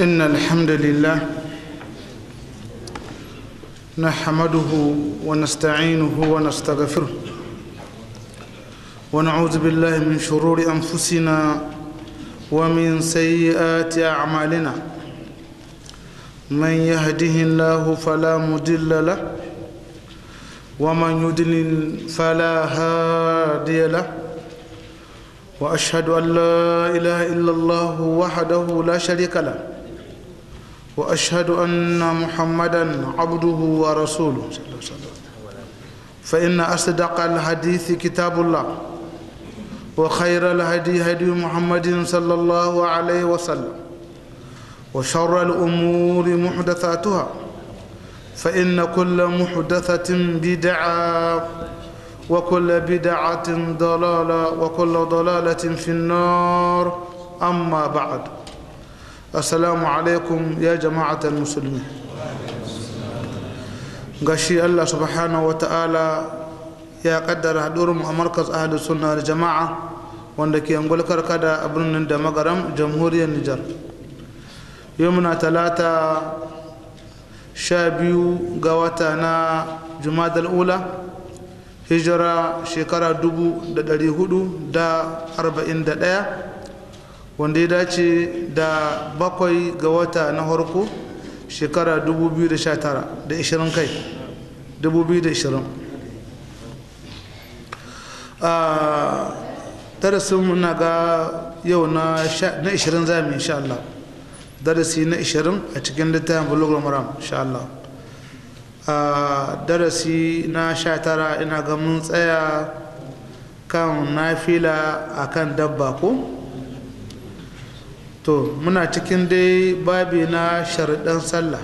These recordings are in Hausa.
إن الحمد لله نحمده ونستعينه ونستغفره ونعوذ بالله من شرور أنفسنا ومن سيئات أعمالنا من يهده الله فلا مضل له ومن يضلل فلا هادي له وأشهد أن لا إله إلا الله وحده لا شريك له واشهد ان محمدا عبده ورسوله صلى الله عليه وسلم فان اصدق الحديث كتاب الله وخير الهدي هدي محمد صلى الله عليه وسلم وشر الامور محدثاتها فان كل محدثه بدعه وكل بدعه ضلاله وكل ضلاله في النار اما بعد assalamu alaikum ya jama'a jama'atar musulmi gashi allah subhanahu wa ta'ala ya kaddara haɗurinmu a markas ahalus sunna da jama'a wanda ke angulkar kada a birnin da magaram jamhuriyar nijar yau muna talata sha biyu ga wata na jumadal ula hijira shekara dubu da ɗari hudu da arba'in da ɗaya wanda ya dace da bakwai ga wata na harko shekara 2019 da 20 kai 2020 a darasin muna ga yau na 20 zami insha Allah darasi na 20 a cikin littafin bulogar maram insha Allah a darasi na 19 ina ga mun tsaya kan nafila akan dabba ko? to muna cikin dai babi na sharaɗin sallah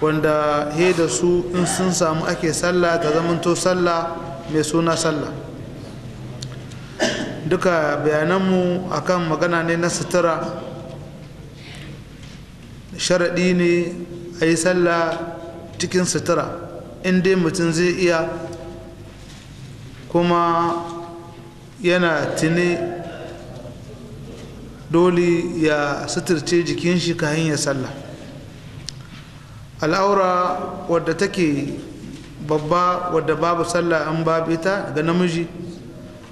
wanda he da su in sun samu ake sallah ta zamanto sallah mai suna sallah duka bayananmu akan magana ne na sutura sharaɗi ne a yi sallah cikin sutura in dai mutum zai iya kuma yana tuni dole ya suturce jikin shi kayan ya sallah al'aura wadda take babba wadda babu sallah an babu ita ga namiji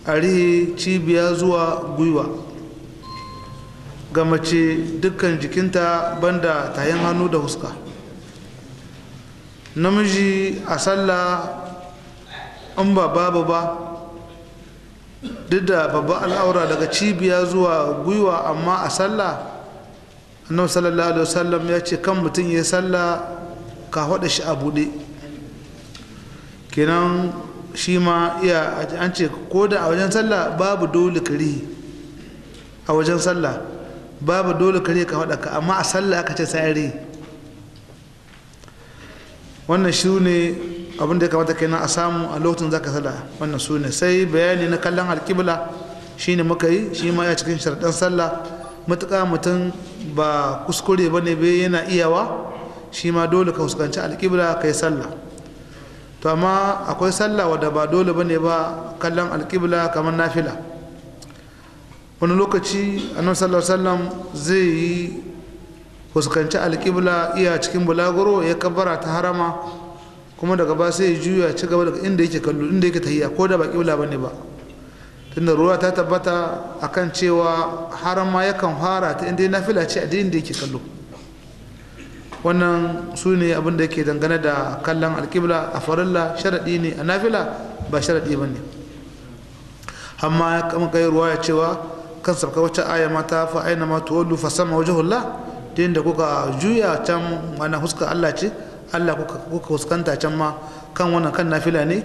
a rihe cibiya zuwa gwiwa ga mace dukkan jikinta banda tayin hannu da huska namiji a sallah an ba babu ba duk da babban al'aura daga cibiya zuwa gwiwa amma a sallah annabi sallallahu alaihi wasallam ya ce kan mutum ya sallah ka hada shi a bude. kenan shi ma iya an ce ko da a wajen sallah babu dole kare a wajen sallah babu dole kare ka hada ka amma a sallah aka ce sai wannan shi ne abin da ya kamata na a samu a lokacin za zaka sallah wannan su ne sai bayani na kallon alkibla shine muka yi shi ma ya cikin sharaɗin sallah matuƙa mutum ba kuskure ba ne bai yana iyawa shi ma dole ka fuskanci alkibla ka yi sallah to amma akwai sallah wadda ba dole ba ne ba kallon alkibla kamar nafila wani lokaci annabi sallallahu sallam zai yi fuskanci alkibla iya cikin bulaguro ya kabbara ta harama kuma daga ba sai ya juya ci gaba daga inda yake kallo inda yake tahiya ko da ba kibla bane ba tunda ruwa ta tabbata akan cewa har ma yakan fara ta inda nafila ce a inda yake kallo wannan su ne abin da yake dangane da kallon alkibla a farilla sharaɗi ne a nafila ba sharaɗi ba ne amma kuma kai ruwa ya cewa kan sabka wata aya mata fa aina ma tuwallu fa sama wajhullah din da kuka juya can mana huska Allah ce Allah kuka fuskanta can ma kan wannan kan nafila ne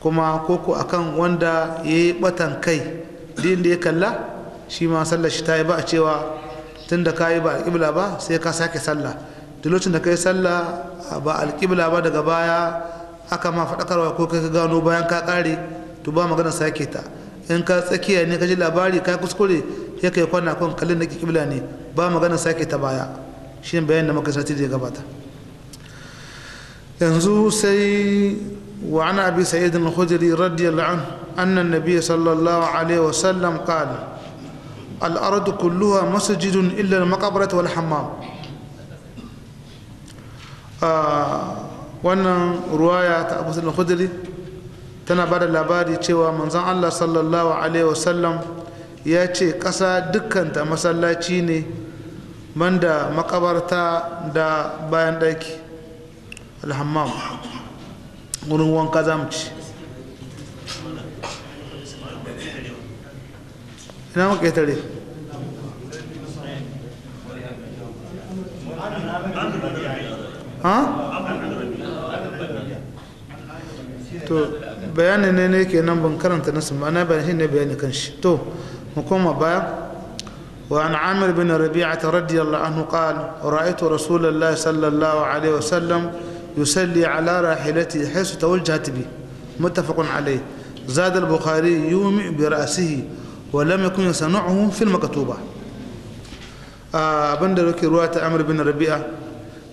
kuma koko akan wanda ya yi batan kai din da ya kalla shi ma sallar shi ta yi ba a cewa tun da ka yi ba alƙibla ba sai ka sake sallah duk lokacin da ka yi sallah ba alƙibla ba daga baya aka ma faɗakarwa ko kai ka gano bayan ka ƙare to ba magana sake ta in ka tsakiya ne ka ji labari ka kuskure ya kai kwana kan kallon da ƙibla ne ba magana sake ta baya shi bayan da muka sati da ya gabata yanzu sai wa ana abi sa'id al-khudri radiyallahu anhu anna an-nabiy sallallahu alaihi wa sallam qala al-ardu kulluha masjidun illa al-maqbarah wal hammam wannan ruwaya ta abu sa'id al-khudri tana bada labari cewa manzon Allah sallallahu alaihi wa sallam ya ce ƙasa dukkanta masallaci ne banda makabarta da bayan ɗaki alhammam wurin wanka za mu ci ina muka tare to bayanin ne ne ke nan ban karanta nasu ma'ana bayan shi ne bayani kan shi to mu koma baya وعن عامر بن ربيعة رضي الله عنه قال رأيت رسول الله صلى الله عليه وسلم يصلي على راحلته حيث توجهت به متفق عليه زاد البخاري يومئ برأسه ولم يكن يصنعه في المكتوبة abin da rake ruwa ta amir bin rabi'a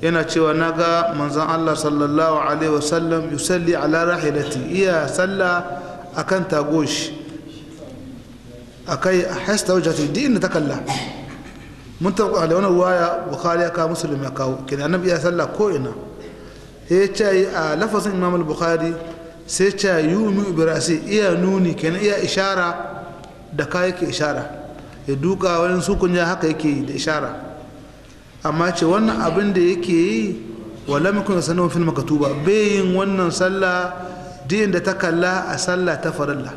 yana cewa na ga manzan allah sallallahu alaihi wasallam yusalli ala rahilati iya salla a kan tagoshi a kai a haista wajata duk ta kalla mun tabbata da wani ruwaya musulmi ya kawo kenan salla ko ina ya eh, ce a lafasin imam al-bukhari sai ce yunu ibrasi iya nuni kenan iya ishara da ka yake ishara ya duka wani sukun ya haka yake da ishara amma ce wannan abin da yake yi wa wala mukun sanan fil makatuba bayin wannan sallah din da ta kalla a sallah ta farilla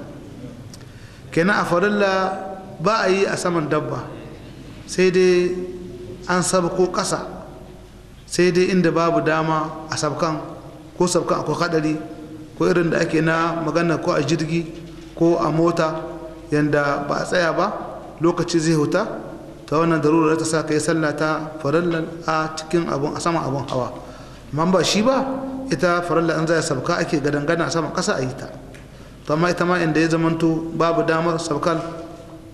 kenan a farilla ba a yi a saman dabba sai dai an saba ko ƙasa sai dai inda babu dama a sabkan ko sabkan akwai hadari ko irin da ake na magana ko a jirgi ko a mota yanda ba a tsaya ba lokaci zai huta ta wannan darura ta sa kai sallah ta farallan a cikin abun a sama abun hawa amma ba shi ba ita farallan an za sabka ake gadangana a sama kasa a yi ta to amma ita ma inda ya zamanto babu damar sabkal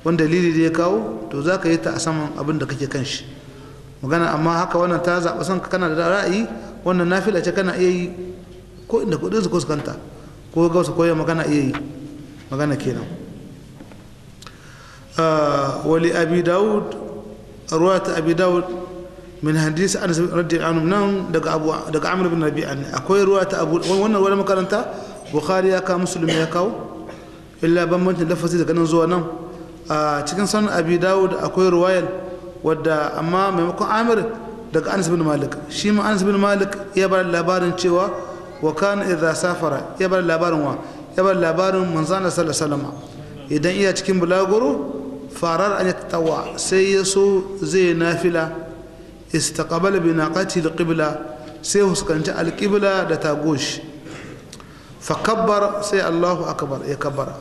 wanda dalili da ya kawo to za ka yi ta a saman abin da kake kan shi magana amma haka wannan ta zaɓa son kana da ra'ayi wannan nafila ce kana iya yi ko inda kudin su kuskanta ko gausa ko yamma kana iya yi magana kenan ah, wali abi daud ruwa ta abi daud min hadisi an radi anhu nan daga abu daga amr bin rabi'a akwai ruwa ta abu wannan wani makaranta bukhari ya kawo muslim ya kawo illa bambancin lafazi daga nan zuwa nan a ah, cikin sanin abi daud akwai ruwayar wadda amma maimakon amir daga anas bin malik shi ma anas bin malik ya bar labarin cewa wa kana idza safara ya bar labarin wa ya bar labarin manzana sallallahu alaihi wasallam idan iya cikin bulaguro farar an yattawa sai ya so zai nafila istaqbala bi naqati alqibla sai huskanci alqibla da tagosh fa kabbar sai allahu akbar ya kabbara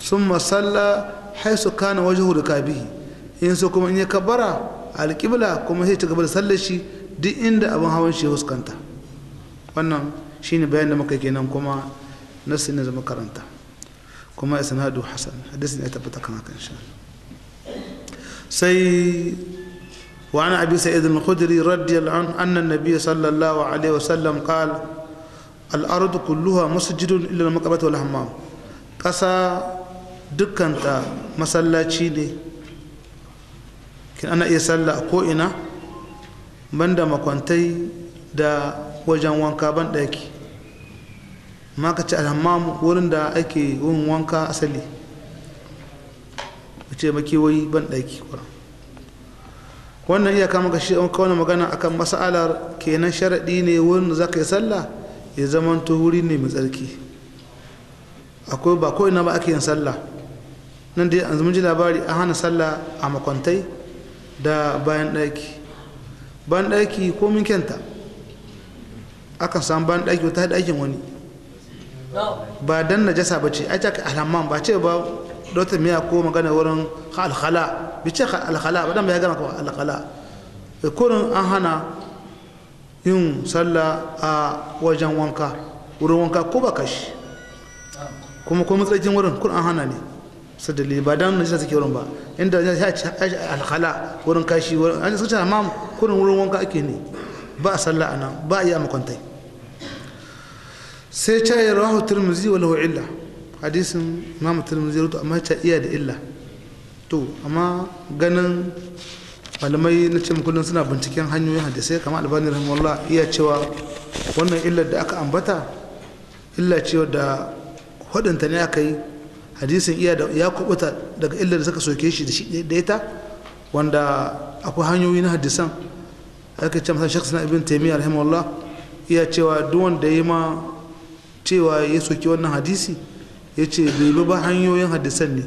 summa salla haisu kana wajhu rikabihi in so kuma in ya kabara alƙibla kuma sai ci gaba da sallar shi duk inda abin hawan shi ya huskanta wannan shine bayan da muka kenan kuma nasi ne zama karanta kuma isnadu hasan hadisi ne tabbata kan haka insha sai wa ana abi sa'id al-khudri radiyallahu sallallahu alaihi wasallam qala al-ardu kulluha masjidun illa al-maqbatu wal hammam kasa dukkanta masallaci ne ana iya sallah a ko'ina banda makwantai da wajen wanka ban ɗaki ma ka ci alhammamu wurin da ake yin wanka asali a ce wai ban ɗaki wannan iya kama gashi an kawo magana akan mas'alar kenan sharaɗi ne wurin da za ka yi sallah ya zama wuri ne mai tsarki akwai ba ko ina ba ake yin sallah nan dai an ji labari a hana sallah a makwantai da bayan ɗaki bayan ɗaki komin kenta aka samu bayan ɗaki wata ɗakin wani ba dan jasa ba ce ake alhaman ba ce ba dautar miya ko magana wurin alhala bi ce alhala ba dan bai gana ko da kurin an hana yin sallah a wajen wanka wurin wanka ko ba kashi kuma ko matsayin wurin kurin an hana ne su dalili ba dan najisa take wurin ba inda ya ci alkhala wurin kashi wurin an suka amma kurin wurin wanka ake ne ba a sallah ana ba a yi a makwantai sai ta yi rahu turmuzi wa lahu illa hadisin imam tirmizi rutu amma ta iya da illa to amma ganin malamai na ce kullum suna binciken hanyoyin hadisai kamar albani rahimahullah iya cewa wannan illar da aka ambata illa ce da hudunta ne aka yi hadisin iya da ya kubuta daga illar da suka soke shi da shi da wanda akwai hanyoyi na hadisan aka ce masa shakhs na ibn taymiyyah rahimahullah iya cewa duk wanda ya ma cewa ya soke wannan hadisi ya ce bai bi ba hanyoyin hadisan ne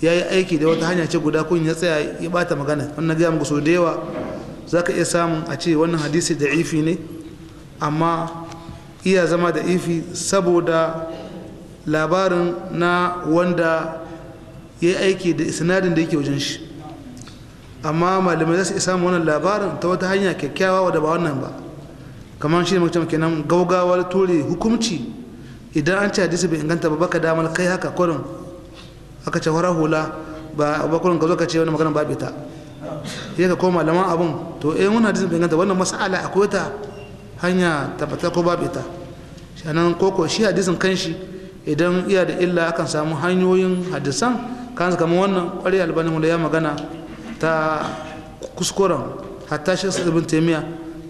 ya yi aiki da wata hanya ce guda kun ya tsaya ya bata magana wannan gaya muku so da yawa za ka iya samun a ce wannan hadisi da ifi ne amma iya zama da ifi saboda labarin na wanda ya yi aiki da sinadin da yake wajen shi amma malamai za su isa wannan labarin ta wata hanya kyakkyawa wadda ba wannan ba kamar shi ne mace nan gaugawar ture hukumci idan an ci hadisi bai inganta ba baka damar kai haka kurin aka ce fara hula ba ba kurin ka zo ka ce wani magana ba ta sai ka koma laman abun to eh wannan hadisin bai inganta wannan mas'ala akwai ta hanya tabbata ko ba ta shi anan koko shi hadisin kanshi idan iya da illa akan samu hanyoyin hadisan kan kamar wannan kwari albani da ya magana ta kuskuren hatta shi ibn taymiya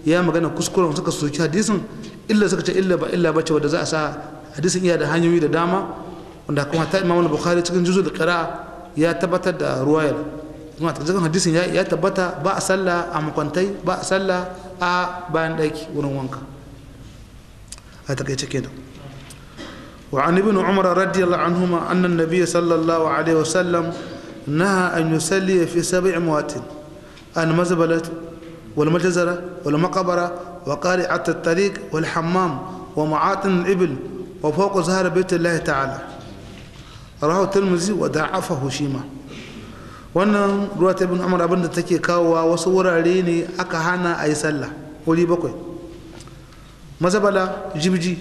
ya magana kuskuren suka soki hadisin illa suka ce illa ba illa bace wadda za a sa hadisin iya da hanyoyi da dama wanda kuma hatta imam bukhari cikin da qira'a ya tabbatar da ruwayar kuma ta cikin hadisin ya tabbata ba a sallah a makwantai ba a sallah a bayan ɗaki wurin wanka a takaice kenan وعن ابن عمر رضي الله عنهما أن النبي صلى الله عليه وسلم نهى أن يصلي في سبع أن المزبلة والمجزرة والمقبرة وقارعة الطريق والحمام ومعاطن الإبل وفوق زهر بيت الله تعالى رواه الترمذي وضعفه شيما wannan ruwa ta ibn umar abinda take kawowa wasu wurare ne aka hana a yi sallah wuri bakwai mazabala jibji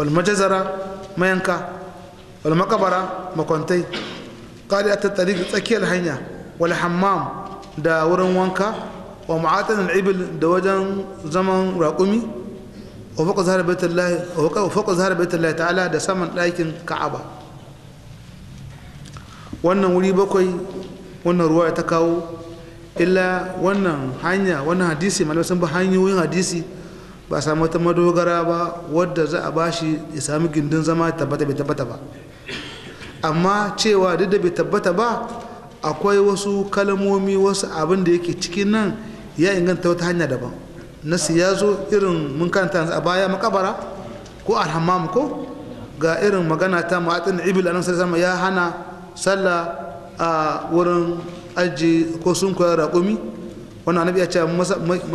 wal majazara mayanka wal makabara makwantai qadi at tsakiyar hanya wal hammam da wurin wanka wa ma'atan ibil da wajen zaman raƙumi wa faqa zahar baitullahi wa ta'ala da saman ɗakin ka'aba wannan wuri bakwai wannan ruwa ta kawo illa wannan hanya wannan hadisi malamai hanyoyin hadisi ba a samu wata madogara ba wadda za a ba shi ya sami gindin zama tabbata bai tabbata ba amma cewa duk da bai tabbata ba akwai wasu kalmomi wasu abin da yake cikin nan ya inganta wata hanya daban na ya zo irin mun kanta a baya makabara ko alhammam ko ga irin magana ta ma'atin ibil anan sai ya hana sallah a wurin aji ko sun koyar raƙumi wannan annabi ya ce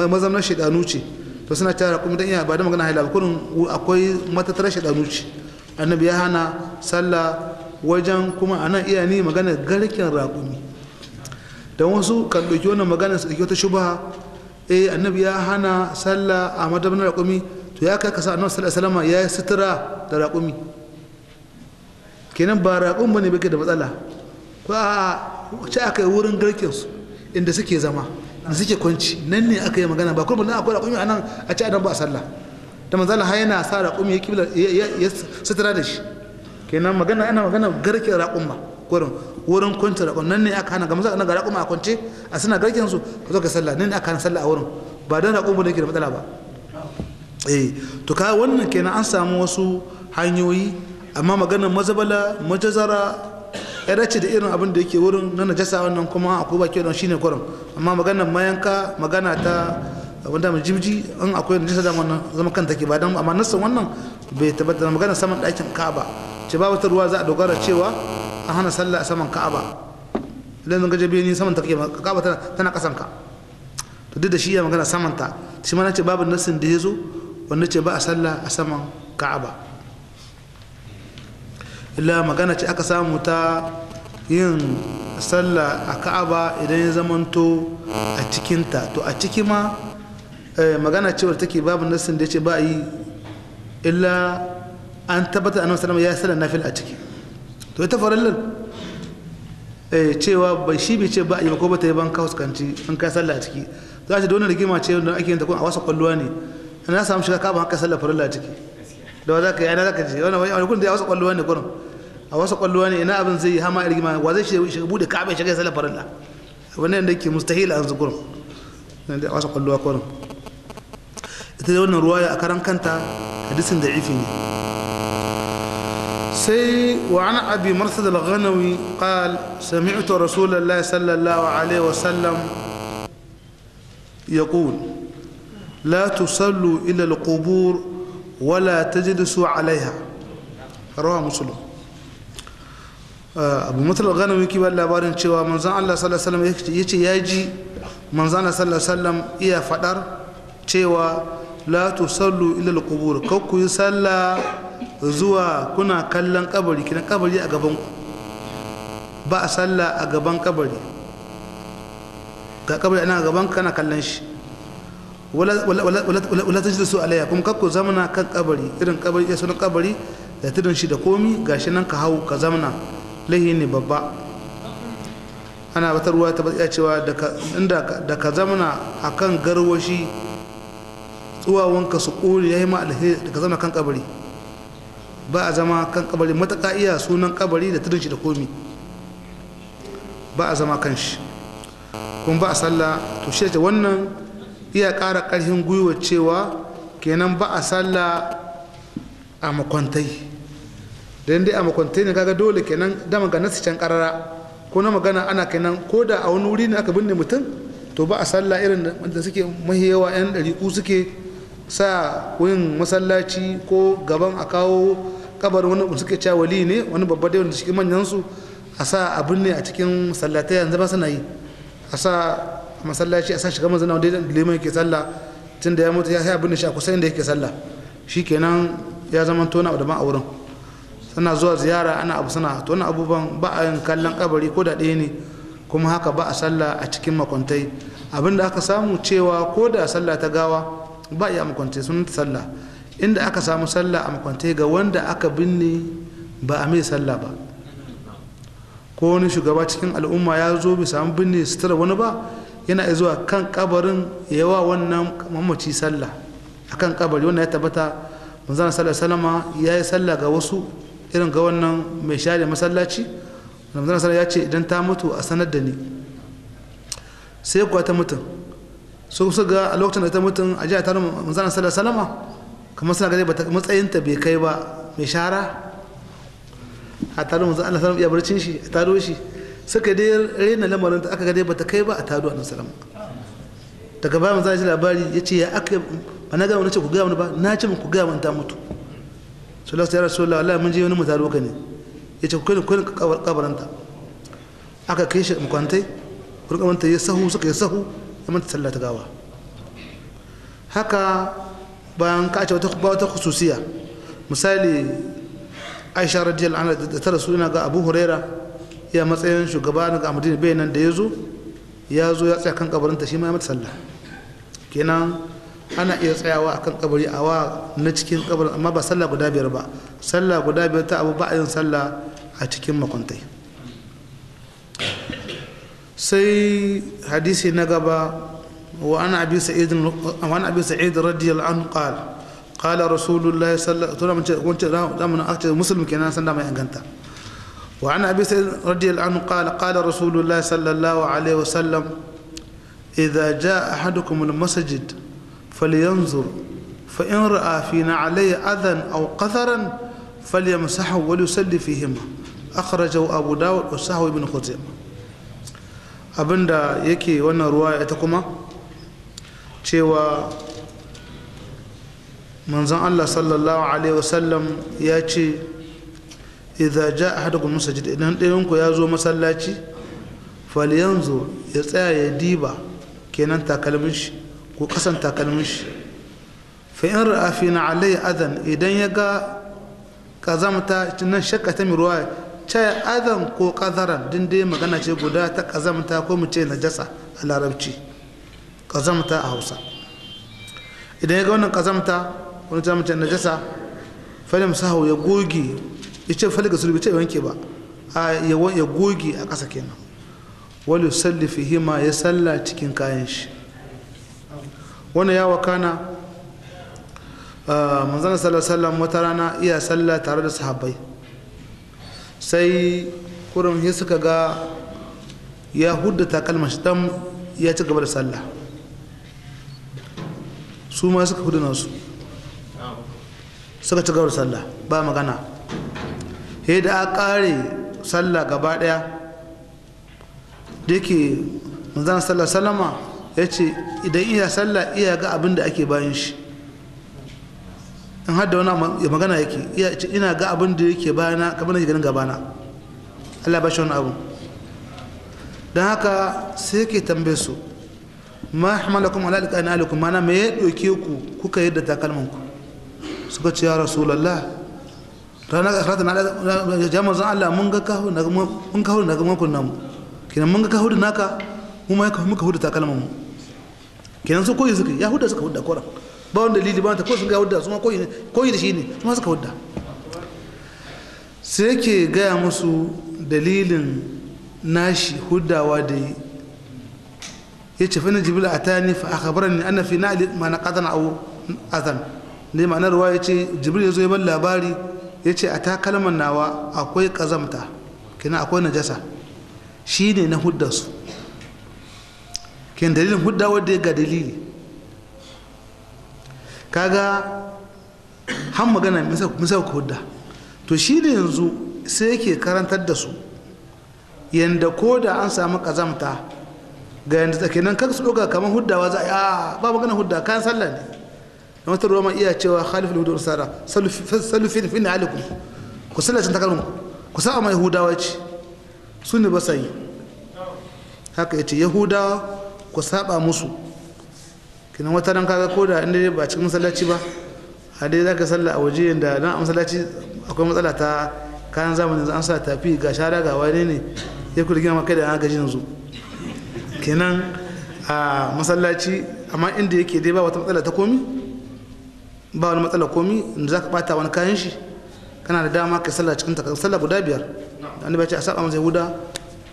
mazamnar shaidanu ce to suna tara kuma dan iya ba da magana haila kurin akwai matatar shaidanu ce annabi ya hana sallah wajen kuma anan iya ni magana garkin raƙumi dan wasu kan ɗauki wannan magana su ta wata shubha eh annabi ya hana sallah a madabin raƙumi to ya kai kasa annabi sallallahu alaihi wasallam ya yi sutura da raƙumi kenan ba raƙun bane bake da matsala ko a ce aka yi wurin garkin su inda suke zama da suke kwanci nan ne aka yi magana ba kuma nan akwai raƙumi a nan a ci adam ba a sallah da manzala ha yana sa raƙumi ya kibla ya sutura da shi kenan magana ana magana garke raƙumma wurin wurin kwanci raƙumma nan ne aka hana ga maza ga raƙumma a kunci a suna garken su ka zo ka sallah nan ne aka hana sallah a wurin ba don raƙumma da ke da matsala ba eh to ka wannan kenan an samu wasu hanyoyi amma maganar mazabala majazara ya dace da irin abin da yake wurin na najasa wannan kuma akwai baki don shine kurum amma maganar mayanka magana ta wanda mai jibji in akwai najasa da wannan zama kan take ba dan amma nassan wannan bai tabbata maganar saman ɗakin Ka'aba ce ba wata ruwa za a dogara cewa an hana sallah a saman Ka'aba idan zan gaje ni saman take Ka'aba tana tana kasan ka to duk da shi ya magana saman ta shi ma nace babu nassin da yazo wanda ce ba a sallah a saman Ka'aba illa magana ce aka samu ta yin sallah a ka'aba idan ya zamanto a cikinta to a ciki ma eh, magana cewar take babu nassin da ya ce ba yi illa an tabbatar annabi sallama ya sallar nafil a ciki to ita farallar eh, cewa bai shi bai ce ba yi ko ba ta yi ban ka huskanci an ka sallah a ciki za a ce da wani rigima ce wanda ake yin ta kuma a wasa kwalluwa ne na samu shiga ban haka sallar farallar a ciki da za ka yi ana za ka je wani gudun da ya wasu kwallo ne gurin a wasu kwallo ne ina abin zai yi hama irgima wa zai shiga bude ka'aba ya shiga ya salafar Allah wannan da ke mustahil a yanzu gurin nan da wasu kwallo gurin ita da wannan ruwaya a karan kanta hadisin da ifi ne sai wa an abi marsad al-ghanawi qal sami'tu rasulullahi sallallahu alaihi wa sallam yaqul la tusallu ila al-qubur ولا تجلسوا عليها رواه مسلم abu mutul ganawi ki balla labarin cewa manzon Allah sallallahu alaihi wasallam yace ya ji manzon Allah sallallahu alaihi wasallam iya faɗar cewa la tusallu ila alqubur kar ku yi sallah zuwa kuna kallon kabari kidan kabari a gaban ba a sallah a gaban kabari ga kabari gaban kallon shi wala ta su alaiya kuma kakko zamana kan kabari irin kabari ya sunan kabari da tudun shi da komi gashi nan ka hau ka zamana laihi ne babba ana wata ruwa ta batsiya cewa da ka zamana a kan garwashi tsuwawanka su kuri ya yi ma alheri da ka zama kan kabari ba a zama kan kabari mataka iya sunan kabari da tudun shi da komi ba a zama kan shi kuma ba a sallah to shi wannan iya ƙara ƙarfin gwiwa cewa kenan ba a sallah a makwantai don dai a makwantai ne kaga dole kenan da magana su can karara ko na magana ana kenan ko da a wani wuri ne aka binne mutum to ba a sallah irin da suke mahiyawa yan ɗariƙu suke sa wuyin masallaci ko gaban a kawo kabarin wani suke cewa wali ne wani babba dai wanda cikin manyan su a sa a binne a cikin sallatai yanzu ba suna yi a sa masallaci a sashi gama zana daidai liman yake sallah tun da ya mutu ya a binne shi a kusa inda yake sallah kenan ya zama tona da a wurin sana zuwa ziyara ana abu sana tona abubuwan ba a yin kallon kabari ko da ɗaya ne kuma haka ba a sallah a cikin makwantai da aka samu cewa ko da sallah ta gawa ba a makwantai sun sallah inda aka samu sallah a makwantai ga wanda aka binne ba a mai sallah ba ko wani shugaba cikin al'umma ya zo bai samu binne sutura wani ba yana zuwa kan kabarin yawa wannan mamaci sallah a kan kabari wannan ya tabbata manzon sallar salama ya yi sallah ga wasu irin ga wannan mai share masallaci manzon sallar ya ce idan ta mutu a sanar da ni sai kuwa ta mutum su su ga a lokacin da ta mutum a jiya tarin manzon sallar salama kamar suna matsayin matsayinta bai kai ba mai shara a tarin manzon sallar ya barcin shi a taro shi suka dai raina lamarin ta aka ga dai bata kai ba a tado annabi salama daga bayan zai shi labari ya ce ya aka ba na gama wani ce ku wani ba na ce ku wani ta mutu sallallahu alaihi wasallam Allah mun je wani mutaro ka ne ya ce ku kai ku kabaranta aka kai shi mukwantai kurkamanta ya sahu suka ya sahu ya manta sallah ta gawa haka bayan ka ce wata wata khususiya misali Aisha radiyallahu anha da ta rasu ina ga Abu Huraira iya matsayin shugaba na ga amadina bai nan da ya zo ya zo ya tsaya kan ta shi ma ya mata sallah kenan ana iya tsayawa a kan kabari a wa na cikin kabarin amma ba sallah guda biyar ba sallah guda biyar ta abu ba a yin sallah a cikin makwantai sai hadisi na gaba wa ana abi sa'id wa ana abi sa'id radiyallahu anhu qala qala rasulullahi sallallahu alaihi wasallam kenan sanda mai inganta وعن أبي سعيد رضي الله عنه قال قال رسول الله صلى الله عليه وسلم إذا جاء أحدكم المسجد فلينظر فإن رأى في نعليه أذى أو قثرا فليمسحه وليصلي فيهما أخرجه أبو داود وسهو بن خزيمة ابندا يكي وانا روايه تكما kuma من manzon الله sallallahu alaihi wasallam ya idza ja ahadukum masajid idan ɗayan ku ya zo masallaci falyanzu ya tsaya ya diba kenan takalmin shi ko kasan takalmin shi fa in ra'a fi na alai adan idan ya ga kazamta nan shakka ta ruwaya ta adan ko kazaran din dai magana ce guda ta kazamta ko mu ce najasa a larabci kazamta a hausa idan ya ga wannan kazamta wani mu ce najasa falim sahu ya goge ya ce falga sulbi ce wanke ba ya goge a ƙasa kenan wani salli hima ya salla cikin kayan shi wani ya wakana manzana sallallahu wata rana iya salla tare da sahabbai sai kurin ya suka ga ya hudda takalma shi dan ya ci gaba da sallah su ma suka hudu nasu suka ci gaba da sallah ba magana he da a kare sallah gaba daya da manzan sallah salama ya ce idan iya sallah iya ga abin da ake bayan shi in har da wani magana yake ina ga abin da yake bayana kamar nake ganin gabana Allah ba shi wani abu don haka sai yake tambaye su ma hamalakum ala alikum mana me ya doke ku kuka yadda takalmanku suka ce ya rasulullah ranar akhirata na ya zan Allah mun ga kahu na mun kahu na mun kunna mu kenan mun ga kahu da naka mu ma muka da takalman mu kenan su koyi suka ya huda suka huda kora ba wanda dalili ba ta ko sun ga huda su ma koyi koyi da shi ne su ma suka huda sai yake gaya musu dalilin nashi hudawa da yi ya ce fina jibila a tani fa a kabarar ne ana fi na ma na ƙazan a azan ne ma'anar ruwa ya ce jibila ya zo ya ban labari ya ce a takalman nawa akwai kazamta kina akwai najasa shi ne na huddarsu kin dalilin hudda wadda ya ga dalili kaga han magana misal ku hudda to shi ne yanzu sai yake karantar da su yanda ko da an samu kazamta ga yanda tsakinan kan su ɗauka kamar huddawa za a ba magana hudda kayan sallah ne da wata ruwa iya cewa khalifin hudu sara salufin fin alikum ku sallacin takalmu ku sa'a mai yahudawa ce su ne ba sa yi haka yace yahudawa ku saba musu kinan wata ran kaga ko da inda ba cikin masallaci ba a dai za ka salla a waje da nan a masallaci akwai matsala ta kayan zamani an sa tafi ga shara ga wani ne ya ku rigima maka da an gaji yanzu kenan a masallaci amma inda yake dai ba wata matsala ta komi ba wani matsala komi da za ka bata wani kayan shi kana da dama ka sallah cikin takardar sallah guda biyar annabi ya ce a saba masa yahuda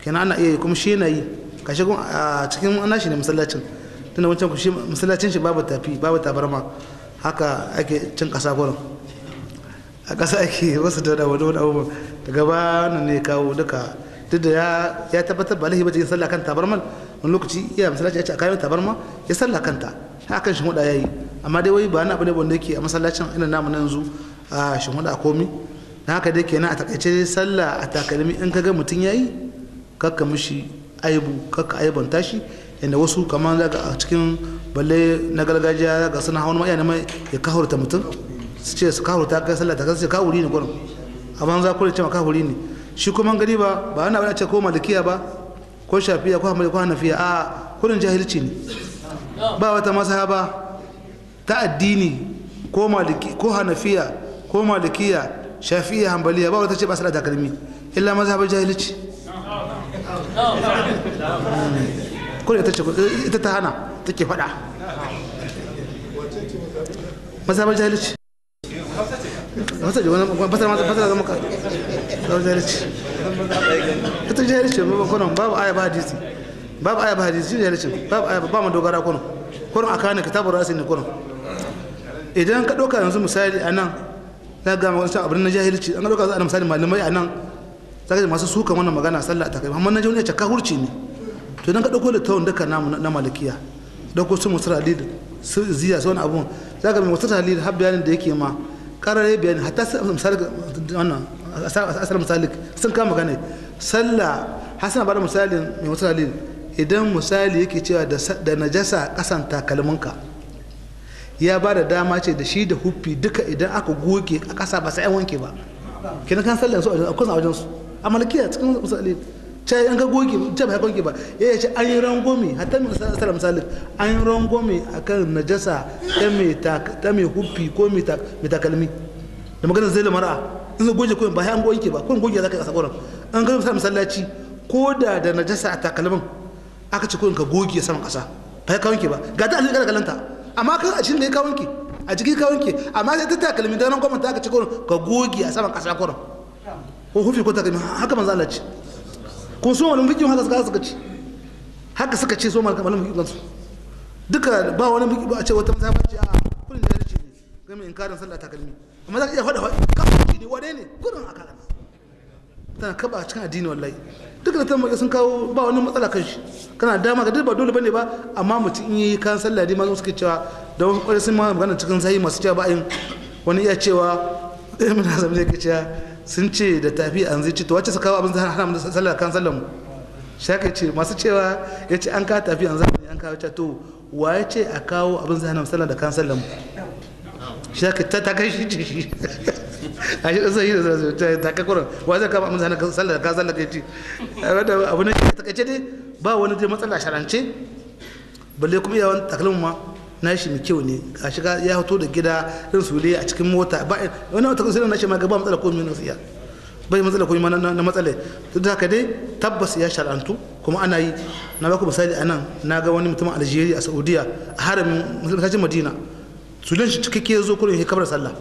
kenan ana iya yi kuma shi yana yi kashe kuma a cikin ana shi ne masallacin tunda wancan ku shi masallacin shi babu tafi babu tabarma haka ake cin kasa gurin a kasa ake wasu da da wani abu daga ba ne kawo duka duk da ya tabbatar ba lahi ba cikin sallah kan tabarman wani lokaci iya masallaci ya ce a kayan tabarma ya sallah kanta hakan shi huda ya yi amma dai wai ba na abu ne wanda yake a masallacin ina namu nan yanzu a shin a komi na haka dai kenan a takaice sallah a takalmi in kaga mutum ya yi kakka mishi aibu kakka aibon tashi inda wasu kamar zaga a cikin balle na gargajiya ga suna hawan ne mai ya kahurta mutum su ce su kahurta kai sallah ta kasance kahuri ne gurin amma za ku ce ma kahuri ne shi kuma gari ba ba ana bana ce ko malikiya ba ko shafiya ko hamali ko hanafiya a kudin jahilci ne ba wata ba. ta addini ko maliki ko hanafiya ko malikiya shafiya hanbaliya ba wata ce ba su da takalmi illa mazhabar jahilci ko ita ce ita ta hana take faɗa mazhabar jahilci wata ce wani basar basar zama ka zama jahilci ita jahilci ba kwanan babu aya ba hadisi babu aya ba hadisi jahilci babu aya ba mu dogara kwanan kwanan a kanin kitabu rasin ne kwanan idan ka ɗauka yanzu misali a nan za ga wani abu na jahilci an ka ɗauka za a misali malamai a nan za ka masu sukan wannan magana sallah ta kai amma na jami'a cakka hurci ne to idan ka ɗauko littafin duka namu na malikiya ɗauko su musul halil su ziya su wani abu za ka mai musul halil har bayanin da yake ma karar ya bayani hatta misali wannan asar misali sun kama gane sallah hasan ba da misali mai musul halil idan misali yake cewa da najasa kasan takalminka ya ba da dama ce da shi da huffi duka idan aka goge a ƙasa ba sai an wanke ba kenan kan sallan su a kusa wajen su a malakiya cikin misali ce an ga goge ce ba wanke ba ya ce an yi rangomi hatta mai sallam misali an yi rangwame akan najasa ta mai huffi ko mai takalmi da maganar zai lamara in zai goge koyin ba sai an goge ba koyin goge za ka yi ƙasa ƙoran an ga masallaci ko da da najasa a takalmin aka ce koyin ka goge saman ƙasa ba ya ka wanke ba ga ta alƙalar kalanta amma kan ashirin da ya ka wanke a jiki ka wanke amma sai ta takalmi da nan gwamnati aka ci kurin ka goge a saman kasa kurin ko hufi ko takalmi haka manzo Allah ce ko so malamin fiqh haka suka ci haka suka ce so malamin fiqh su duka ba wani fiqh ba a ce wata mazaba ce a kullun da ya ce game inkarin sallah takalmi amma za ka iya faɗa ka ne wane ne kurin a kalama tana kaba a cikin addini wallahi duk da tambaye sun kawo ba wani matsala kan shi kana dama ga duk ba dole bane ba amma mutum in yi kan sallah dai mazan suke cewa da wani kwarai sun ma magana cikin sahi masu cewa ba'in wani iya cewa ɗaya mun hazam zai cewa sun ce da tafi an zai ce to wacce su kawo abin hana mu sallah kan sallah mu shaka ce masu cewa ya ce an kawo tafi an zai an kawo ce to waye ce a kawo abin hana mu sallah da kan sallah mu shi zaka ta ta kai shi ce shi a shi ɗansa yi da zai ta kai kuran wa zai kama amsa ka sallar ka sallar ka ci abu ne ta kai ce dai ba wani dai matsala sharance balle kuma yawan takalmin ma na shi mai kyau ne a shiga ya fito da gida ɗin su a cikin mota ba wani wata kusurin na shi ma ba matsala komi na siya bai matsala komi ma na matsala duk haka dai tabbas ya shar'antu kuma ana yi na ba ku misali a nan na ga wani mutum a algeria a saudiya a haramin masallacin madina sudan shi cikakke ya zo kurin ya kabar sallah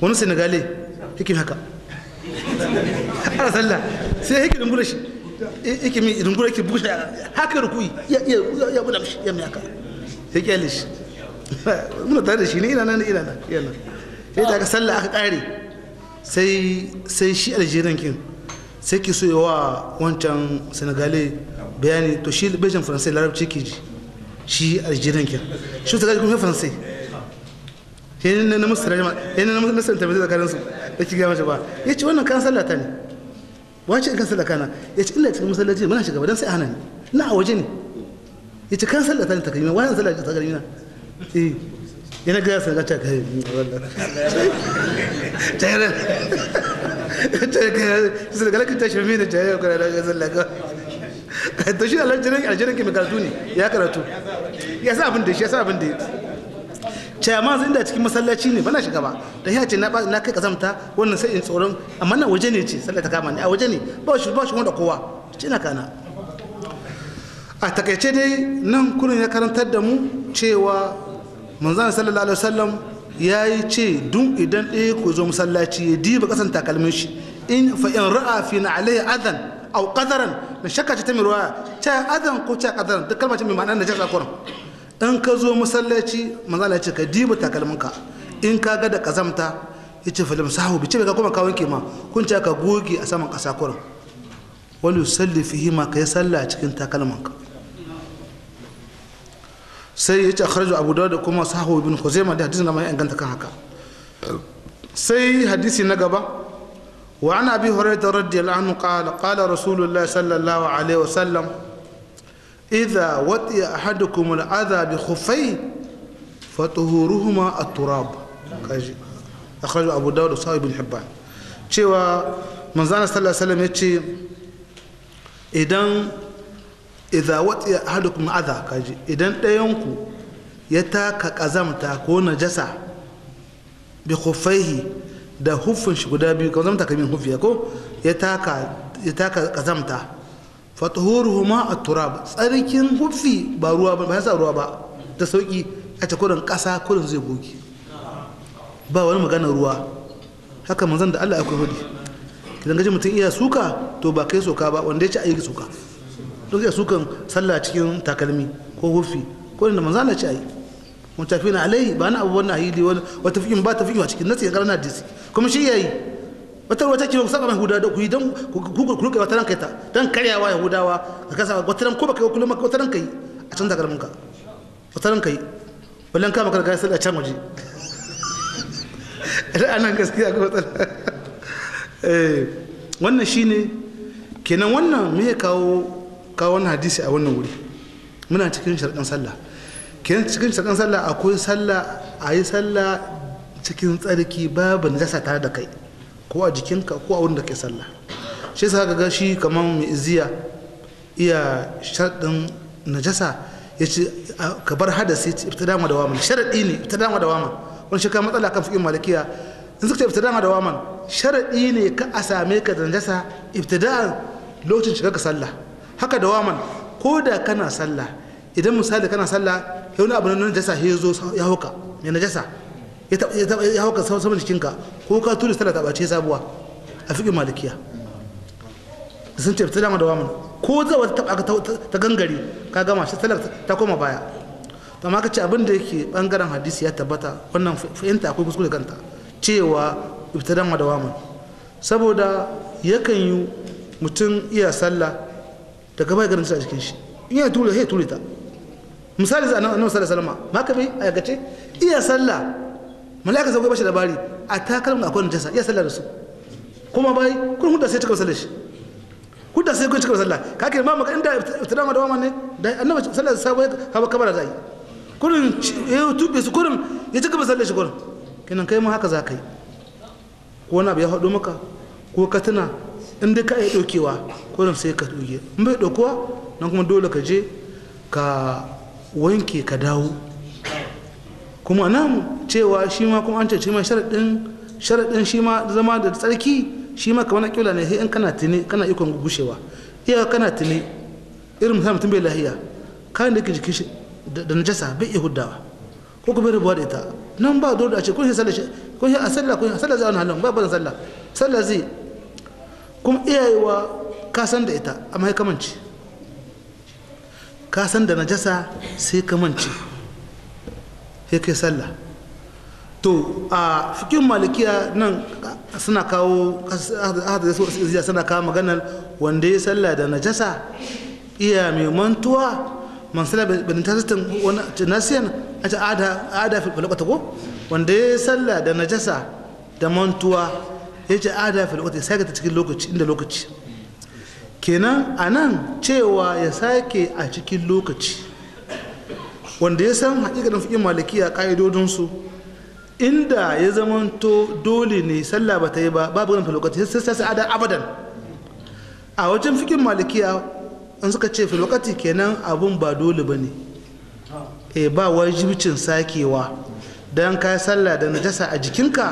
wani senegale hikim haka har sallah sai hikim dungura shi hikim dungura ki bushe haka rukui ya ya ya bula mishi ya miyaka sai kyale shi muna tare da shi ne ina nan ina nan yana sai ta aka sallah aka kare sai sai shi aljerin kin sai ki so yawa wancan senegale bayani to shi bejan faransai larabci ke ji shi algerian ke shi ta gaji kuma faransai na musu rajima na da karin su da kiga ba ya ce wannan kan sallata ne wace kan sallata kana ya ce ina cikin masallaci muna shiga dan sai a hannun na a waje ne ya ce kan sallata ne takarimina wani sallata eh. na gaya kai to shi aljarin ke mai karatu ne ya karatu ya sa abin da shi ya sa abin da ya cayama zai da cikin masallaci ne bana shiga ba da ya ce na kai kazamta wannan sai in tsoron amma na waje ne ce sallar ta kama ne a waje ne ba shi ba shi wanda kowa ce na kana a takaice dai nan kurin ya karantar da mu cewa manzan sallallahu alaihi wasallam ya yi ce dun idan ɗaya ku zo masallaci ya diba kasan takalmin shi in fa in ra'a fi na alai adan au qadaran da shakka ce ta mai ruwa ta adan ko ta kadar duk kalmar ce mai ma'ana da jasa kuran in ka zo masallaci manzala ya ce ka dibu takalminka in ka ga da kazamta ya ce filim sahu bice ka kuma ka wanke ma kun ce ka goge a saman ƙasa kuran wani salli fi ma ka yi salla a cikin takalminka sai ya ce a kharjo abu dawud da kuma sahu bin kuzema da hadisi na mai inganta kan haka sai hadisi na gaba وعن أبي هريرة رضي الله عنه قال قال رسول الله صلى الله عليه وسلم إذا وطئ أحدكم الأذى بخفيه فطهورهما التراب أخرجه أبو داود وصاحب بن حبان cewa manzana sallallahu alaihi wasallam yace idan idza wati ahadukum adha kaji idan ɗayanku ya taka kazamta ko najasa bi khuffaihi da huffin shi guda biyu ka zamta kamin huffiya ko ya taka kazamta taka kazamta a at-turab tsarkin huffi ba ruwa ba ya sa ruwa ba ta sauki a ta kudin kasa kudin zai goge ba wani magana ruwa haka zan da Allah ya koyi Idan kidan gaji mutum iya suka to ba kai soka ba wanda ya ci ayi suka duk ya sukan sallah cikin takalmi ko huffi ko da manzon da ci yi. mutafi na alai ba na abubuwan nahili wata fikin ba ta fikin a cikin nasi ya karana disi kuma shi yayi wata wata ce ku saba yahudawa da ku yi don ku rike wata ranka ta don karyawa yahudawa ka kasa wata ran ko baka yi kullum wata ranka yi a can garmin ka wata ranka yi wallan ka maka sai a can waje anan gaskiya ga wata eh, wannan shine kenan wannan me ya kawo kawo wannan hadisi a wannan wuri muna cikin sharɗin sallah kin cikin cikin sallah akwai sallah a yi sallah cikin tsarki babu najasa tare da kai ko a jikinka ko a wurin da ke sallah shi sa ga gashi kamar mai iziya iya sharɗin najasa ya ce ka bar hadasi ta dama da waman sharaɗi ne ta dama da waman wani shi ka matsala kan fukin malakiya in suka ce ibtida'an da waman sharaɗi ne ka a same ka da najasa ibtida'an lokacin shiga ka sallah haka da waman ko da kana sallah idan misali kana sallah ya wani abu na najasa ya zo ya hauka mai najasa ya hauka saman jikinka ko ka tuni sallah ta bace sabuwa a fiƙin malikiya sun ce ta dama da ko za wata taba ta gangare ka gama shi sallar ta koma baya to amma ka ce abin da yake bangaren hadisi ya tabbata wannan fahimta akwai kuskure kanta cewa ibtidan da mana saboda yakan yi mutum iya sallah daga bai garin a jikin shi in ya tule sai ta misali za a nan alaihi wasallam ma ka bi a gace iya sallah mala'ika sai shi labari a takalmin akwai najasa iya sallah da su kuma bai kun huta sai cika sallah shi huta sai kun cika sallah ka ke ma maka inda dama da waman ne da annabi sallallahu alaihi wasallam ka ba kabara zai kurin ya eh, tube su kurin ya cika sallah shi kurin kinan kai ma haka za ka yi ko wani abu ya haɗu maka ko ka tuna in ka iya ɗaukewa kurin sai ka ɗauke in bai ɗaukuwa nan kuma dole ka je ka wanke ka dawo kuma nan cewa shi ma kuma an ce shi ma sharaɗin sharaɗin shi ma zama da tsarki shi ma kamar ƙiula ne sai in kana tuni kana ikon gushewa iya kana tuni irin musamman mutum bai lahiya kayan da ke jikin shi da najasa bai iya huddawa ko kuma rubuwa da ita nan ba dole a ce kun shi sallah kun shi a sallah kun shi sallah zai wani halin ba ba sallah sallah zai kuma iyayewa ka san da ita amma ya kamance. ka san da najasa sai ka mance sai kai sallah to a fikin malikiya nan suna kawo ahadar suna kawo maganar wanda ya sallah da najasa iya mai mantuwa man sallah bin tasirin wani nasiyan a ce ada filfalakata ko wanda ya sallah da najasa da mantuwa ya ce ada filfalakata ya sai ta cikin lokaci inda lokaci kenan a nan cewa ya sake a cikin lokaci wanda ya san hakikalin maliki a ƙa'idodinsu inda ya zamanto dole ne sallah ba ta yi ba babu ganin falokaci sai sai ada abadan a wajen fiƙin malikiya an suka ce falokaci kenan abun ba dole ba ne e ba wajibcin sakewa don ka sallah da najasa a jikinka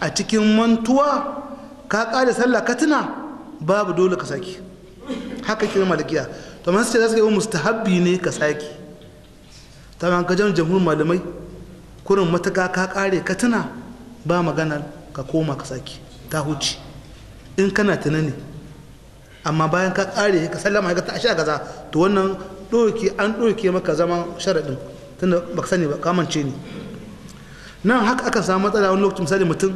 a cikin mantuwa ka ƙare sallah ka tuna babu dole ka sake haka ke malikiya to masu ce za su ga mustahabbi ne ka sake ta ma ka jan jamhur malamai kurin mataka ka kare ka tuna ba magana ka koma ka sake ta huce in kana tuna ne amma bayan ka kare ka sallama ka ta sha gaza to wannan doki an doki maka zama sharadin tunda ba sani ba kamance ne nan haka aka samu matsala wani lokacin misali mutum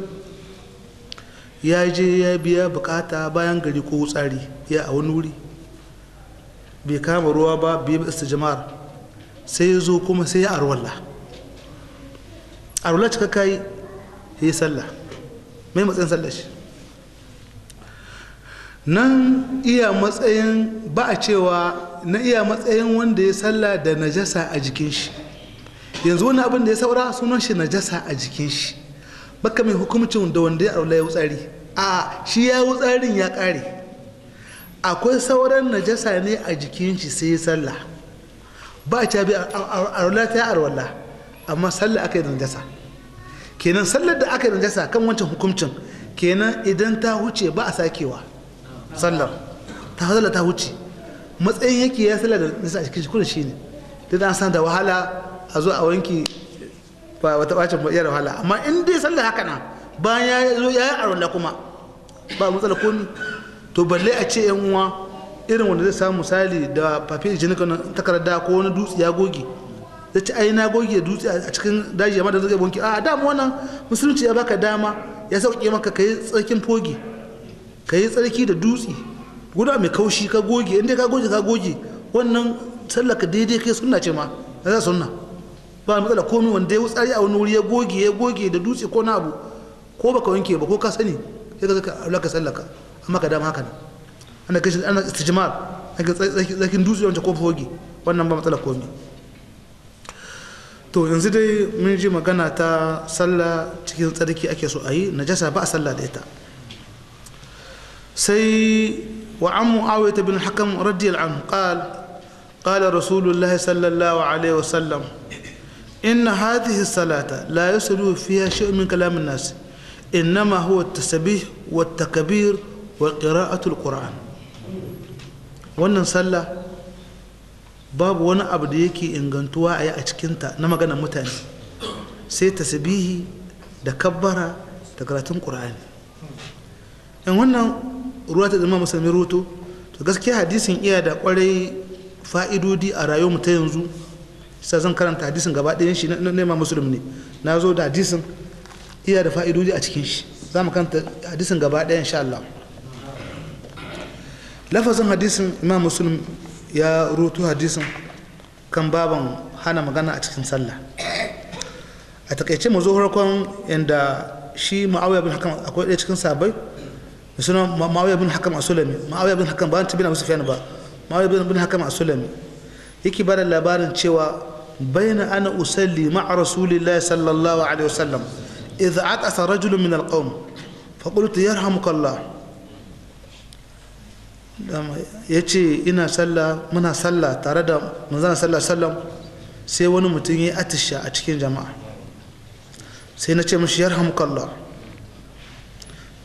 ya je ya biya bukata bayan gari ko tsari ya a wani wuri bai kama ruwa ba bai isa istijmar sai ya zo kuma sai ya arwalla arwalla cika kai ya yi sallah mai matsayin sallah shi nan iya matsayin ba a cewa na iya matsayin wanda ya sallah da najasa a jikin shi yanzu wani abin da ya saura sunan shi najasa a jikin shi baka mai hukumcin da wanda ya arwalla ya wutsari a shi ya wutsarin ya kare akwai sauran najasa ne a jikin shi sai sallah ba ta bi a ta yi arwala amma sallah aka yi da najasa kenan sallar da aka yi da najasa kan wancan hukuncin kenan idan ta huce ba a sakewa sallar ta sallar ta huce matsayin yake ya sallar da nisa a jikin shi shi ne duk an san da wahala a zo a wanki ba wata bacin ba da wahala amma in dai sallar haka na bayan ya zo ya yi arwala kuma ba matsala komi to balle a ce yan uwa irin wanda zai samu misali da fafe jinika takarda ko wani dutse ya goge da ci ai na goge dutse a cikin daji amma da zai bonki a dama wannan musulunci ya baka dama ya sauke maka kai tsarkin foge kai tsarki da dutse guda mai kaushi ka goge inda ka goge ka goge wannan sallaka daidai kai sunna ce ma za sunna ba matsala komai wanda ya wutsari a wani wuri ya goge ya goge da dutse ko na abu ko baka wanke ba ko ka sani sai ka zaka sallaka amma ka dama haka nan ana kashin ana istijmar tsakin dutse wancan ko fogi wannan ba matsala komi to yanzu dai mun ji magana ta sallah cikin tsarki ake so a yi najasa ba a sallah da ita sai wa an mu'awiyata bin hakam radiyal an qal قال رسول الله صلى الله عليه وسلم إن هذه الصلاة لا يسلو فيها شيء من كلام الناس إنما هو التسبيح والتكبير wa qira'atul qur'an wannan sallah babu wani abu da yake ingantuwa a yi a cikinta na maganar mutane sai tasbihi da kabbara da karatun qur'ani in wannan ruwa ta zama musulmi ruto to gaskiya hadisin iya da kwarai fa'idodi a rayuwar ta yanzu sai zan karanta hadisin gaba ɗayan shi na nema musulmi ne na zo da hadisin iya da fa'idodi a cikin shi za mu karanta hadisin gaba ɗaya sha Allah lafazin hadisin imam muslim ya rutu hadisin kan baban hana magana a cikin sallah a takaice mu zo farkon yanda shi ma'awiya bin hakan akwai ɗaya cikin sabai da suna ma'awiya bin hakan a sulami ma'awiya bin hakan ba ta bin abu sufiyan ba ma'awiya bin hakan a sulami yake ba da labarin cewa na ana usalli ma'a rasulillahi sallallahu alaihi wasallam idza aqasa rajulun min alqawm fa qultu yarhamukallah ya ce ina sallah muna sallah tare da manzana sallah sallam sai wani mutum ya atisha a cikin jama'a sai na ce mashi yarhamukallah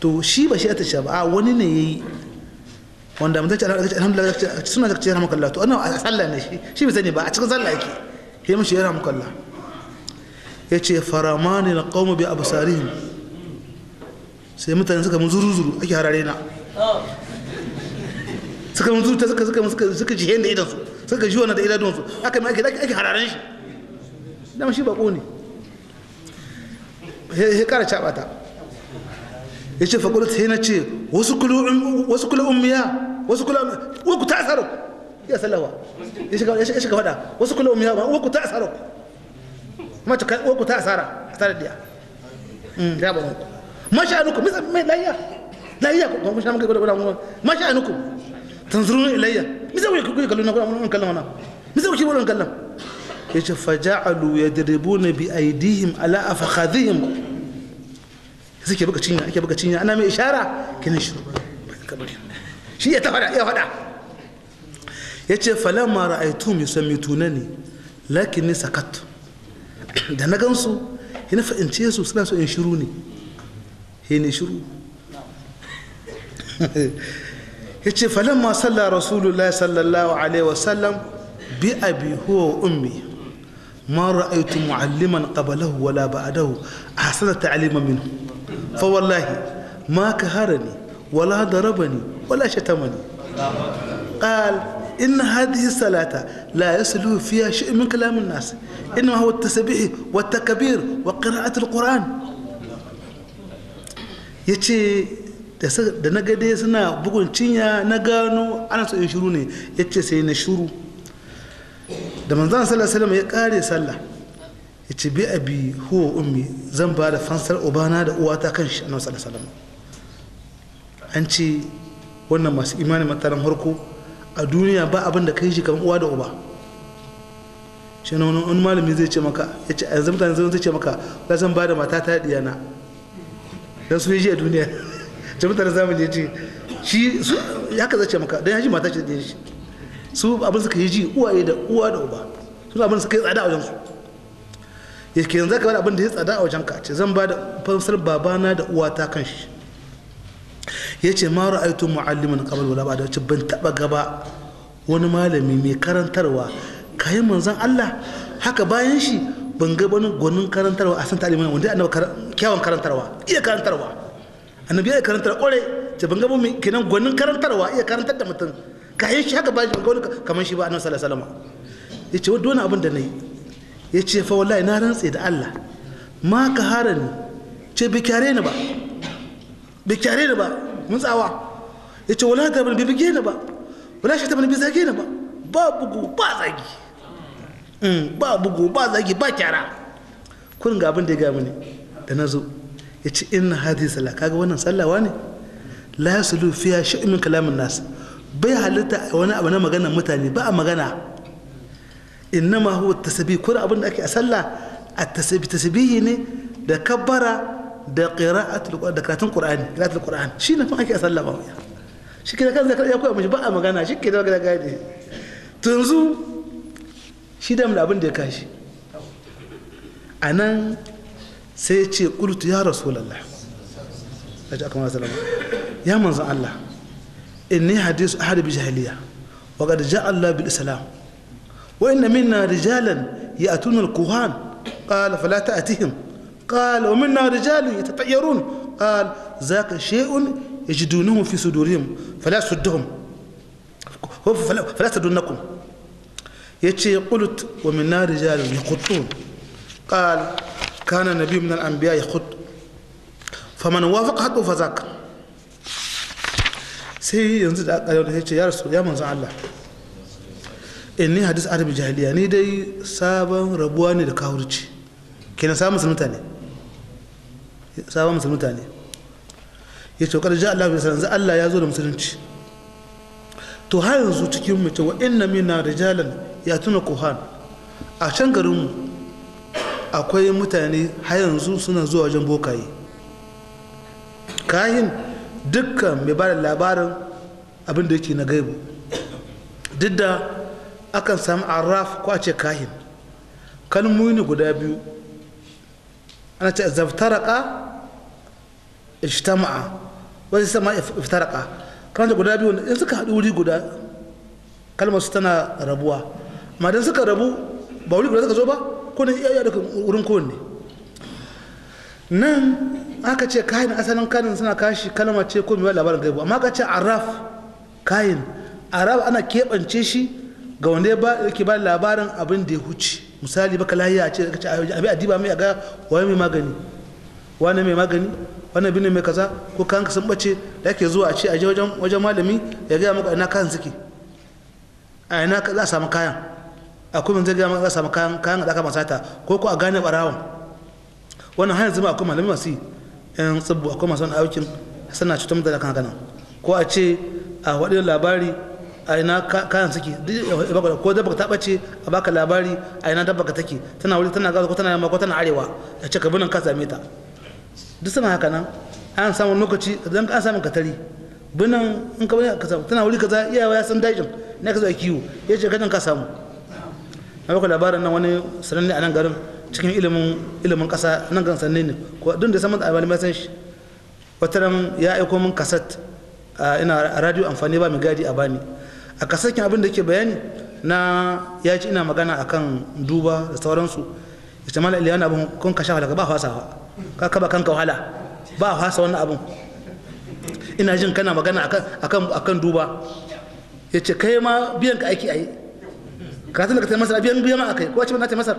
to shi ba shi atisha ba a wani ne ya yi wanda mutum ce alhamdulillah suna zaka ce yarhamukallah to ana a sallah ne shi bai sani ba a cikin sallah yake ya mashi yarhamukallah ya ce faramani na kawo bi abu sai mutane suka mu zuru zuru ake harare na suka mun ta suka suka suka ji hen da idan su suka ji wannan da idan su aka mai ake ake hararan shi dama shi bako ne he kara caba ta yace fa qultu sai nace wasu kulu um, wasu kulu ummiya wasu kulu wa ku ta'saru ya salawa yace ka yace ka fada wasu kulu ummiya wa ku ta'saru mata kai wa ku ta'sara asara diya mm ya ba ku masha anukum mai layya layya ku kun sha mun ga gwada gwada mun masha anukum تنظرون إلي ماذا يقولون نكلم أنا ماذا يقولون نكلم فجعلوا يدربون بأيديهم على أفخاذهم زيك يبقى تشينا يبقى تشينا أنا من إشارة كنا يشرب شيء يتفرع يا هذا يتشف فلما رأيتهم يسميتونني لكني سكت ده نقصو هنا فانتيسو سمعتوا ينشروني هنا يشروا yace falamma salla rasulullahi sallallahu alaihi wasallam bi abi huwa wa ummi ra'aytu mu'alliman qablahu wala ba'dahu ahsana ta'liman minhu fa wallahi ma kaharani wala darabani wala shatamani قال إن هذه الصلاة لا يسلو فيها شيء من كلام الناس إنما هو التسبيح والتكبير وقراءة القرآن يتي da na gade suna bugun cinya na gano ana so in shuru ne ya ce sai na shuru da manzan sallah salama ya kare sallah ya ce bi abi huwa ummi zan ba da fansar ubana da uwata kan shi annabi sallah salama an ce wannan masu imanin mataran harko a duniya ba abin da kai shi kamar uwa da uba shi na wani malami zai ce maka ya ce a yanzu mutane zai ce maka za zan ba da matata ya diyana don su yi shi a duniya jami'ar zamani ya ce shi ya ka zace maka don ya ji mata ce da ya ji su abin suka yi ji uwaye da uwa da uba su abin suka yi tsada a wajen su ya ke yanzu ka bada abin da ya tsada a wajen ka ce zan ba da fansar babana da uwa ta kan shi ya ce ma ra'aitu mu'alliman qabl wala ba da wacce ban taba gaba wani malami mai karantarwa kayan manzon Allah haka bayan shi ban ga wani gwanin karantarwa a san talimin wanda annabi kyawun karantarwa iya karantarwa annabi ya karanta kwarai ta ban gaba kenan kinan gwanin karantarwa iya karantar da mutum ka yi shi haka ba shi wani kamar shi ba annabi sallallahu alaihi wasallam ya ce wadda wani abin da na yi ya ce fa wallahi na rantse da Allah ma ka hara ni ce bi kyare ni ba bi kyare ni ba mun tsawa ya ce wala ta bi bige ni ba wala shi ta bi zage ni ba ba bugu ba zagi mm, ba bugu ba zagi ba kyara kun ga abin da ya gami ne da na zo ya ce inna hadhi sallah kaga wannan sallawa ne la yasulu fiya shay'un min kalamin nas bai halitta wani abu na magana mutane ba a magana innama huwa tasbih abin da ake a sallah at tasbih tasbihi ne da kabbara da qira'atul da karatun qur'ani qira'atul qur'an shi ne ake a sallah ba shi kan zakar ya koya mishi ba a magana shi to yanzu shi da abin da ya kashi سيتي قلت يا رسول الله أجاكم الله يا من زعل الله إني حديث أحد بجاهليه وقد جاء الله بالإسلام وإن منا رجالا يأتون الكهان قال فلا تأتهم قال ومنا رجال يتطيرون قال ذاك شيء يجدونه في صدورهم فلا سدهم فلا سدونكم يتي قلت ومنا رجال يقطون قال kana nabi min al-anbiya yakhut faman wafaqa hadu fazak sai yanzu da aka yau ce ya rasu ya manzon Allah inni hadis arabi jahiliya ni dai sabon rabuwa ne da kawurci kenan sabon musulunta ne sabon musulunta ne ya ce kada ja Allah bai Allah ya zo da musulunci to har yanzu cikin mu ce wa inna minna ya tuna kohan a can garinmu akwai mutane har yanzu suna zuwa wajen bokaye kahin dukkan mai ba da labarin abin da yake na gaibu duk da akan samu arraf ko a ce kahin kalmomi ne guda biyu ana ce zaftaraka ishtama'a wani sama iftaraka kalmomi guda biyu in suka haɗu wuri guda kalmar su tana rabuwa amma don suka rabu ba wuri guda suka zo ba kone ya daga wurin kowanne nan aka ce kayan asalin kanin suna kashi kalmar ce ko mai labarin gaibu amma aka ce araf kayan araf ana keɓance shi ga wanda ya ke ba labarin abin da ya huce misali baka lahiya ce ka ce abi adiba mai ga waye mai magani wani mai magani wani binin mai kaza ko kan ka sun bace da ke zuwa a ce a je wajen malami ya gaya maka ina kayan suke a ina za a samu kayan akwai mun zai maka samu kayan kayan da aka masata ko ko a gane barawon wannan hanyar yanzu akwai malamai masu yan tsibbu akwai masu wani aikin suna cutar mutane kan ganin ko a ce a waɗin labari a ina kayan suke ko dabba ta ɓace a baka labari a ina dabba ka take tana wuri tana gaza ko tana yamma ko tana arewa a ce ka bi nan ka same ta duk suna haka nan an samu lokaci zan an samu katari binan in ka wani ka samu tana wuri kaza iyawa ya san dajin na ka zo kiwo ya ce kadan ka samu a maka labarin nan wani sananne a nan garin cikin ilimin ilimin kasa nan gan sananne ne ko duk da san mun malamai san shi wata ran ya aiko min kasat ina radio amfani ba mai gadi a bani a kasakin abin da ke bayani na ya ci ina magana akan duba da sauransu ita mala iliyana abin kun ka shafa daga ba fasawa ka kaba kanka wahala ba fasa wannan abin ina jin kana magana akan akan duba ya ce kai ma biyan ka aiki ayi katin da ka taimasa biyan biya ma a kai a bana na taimasar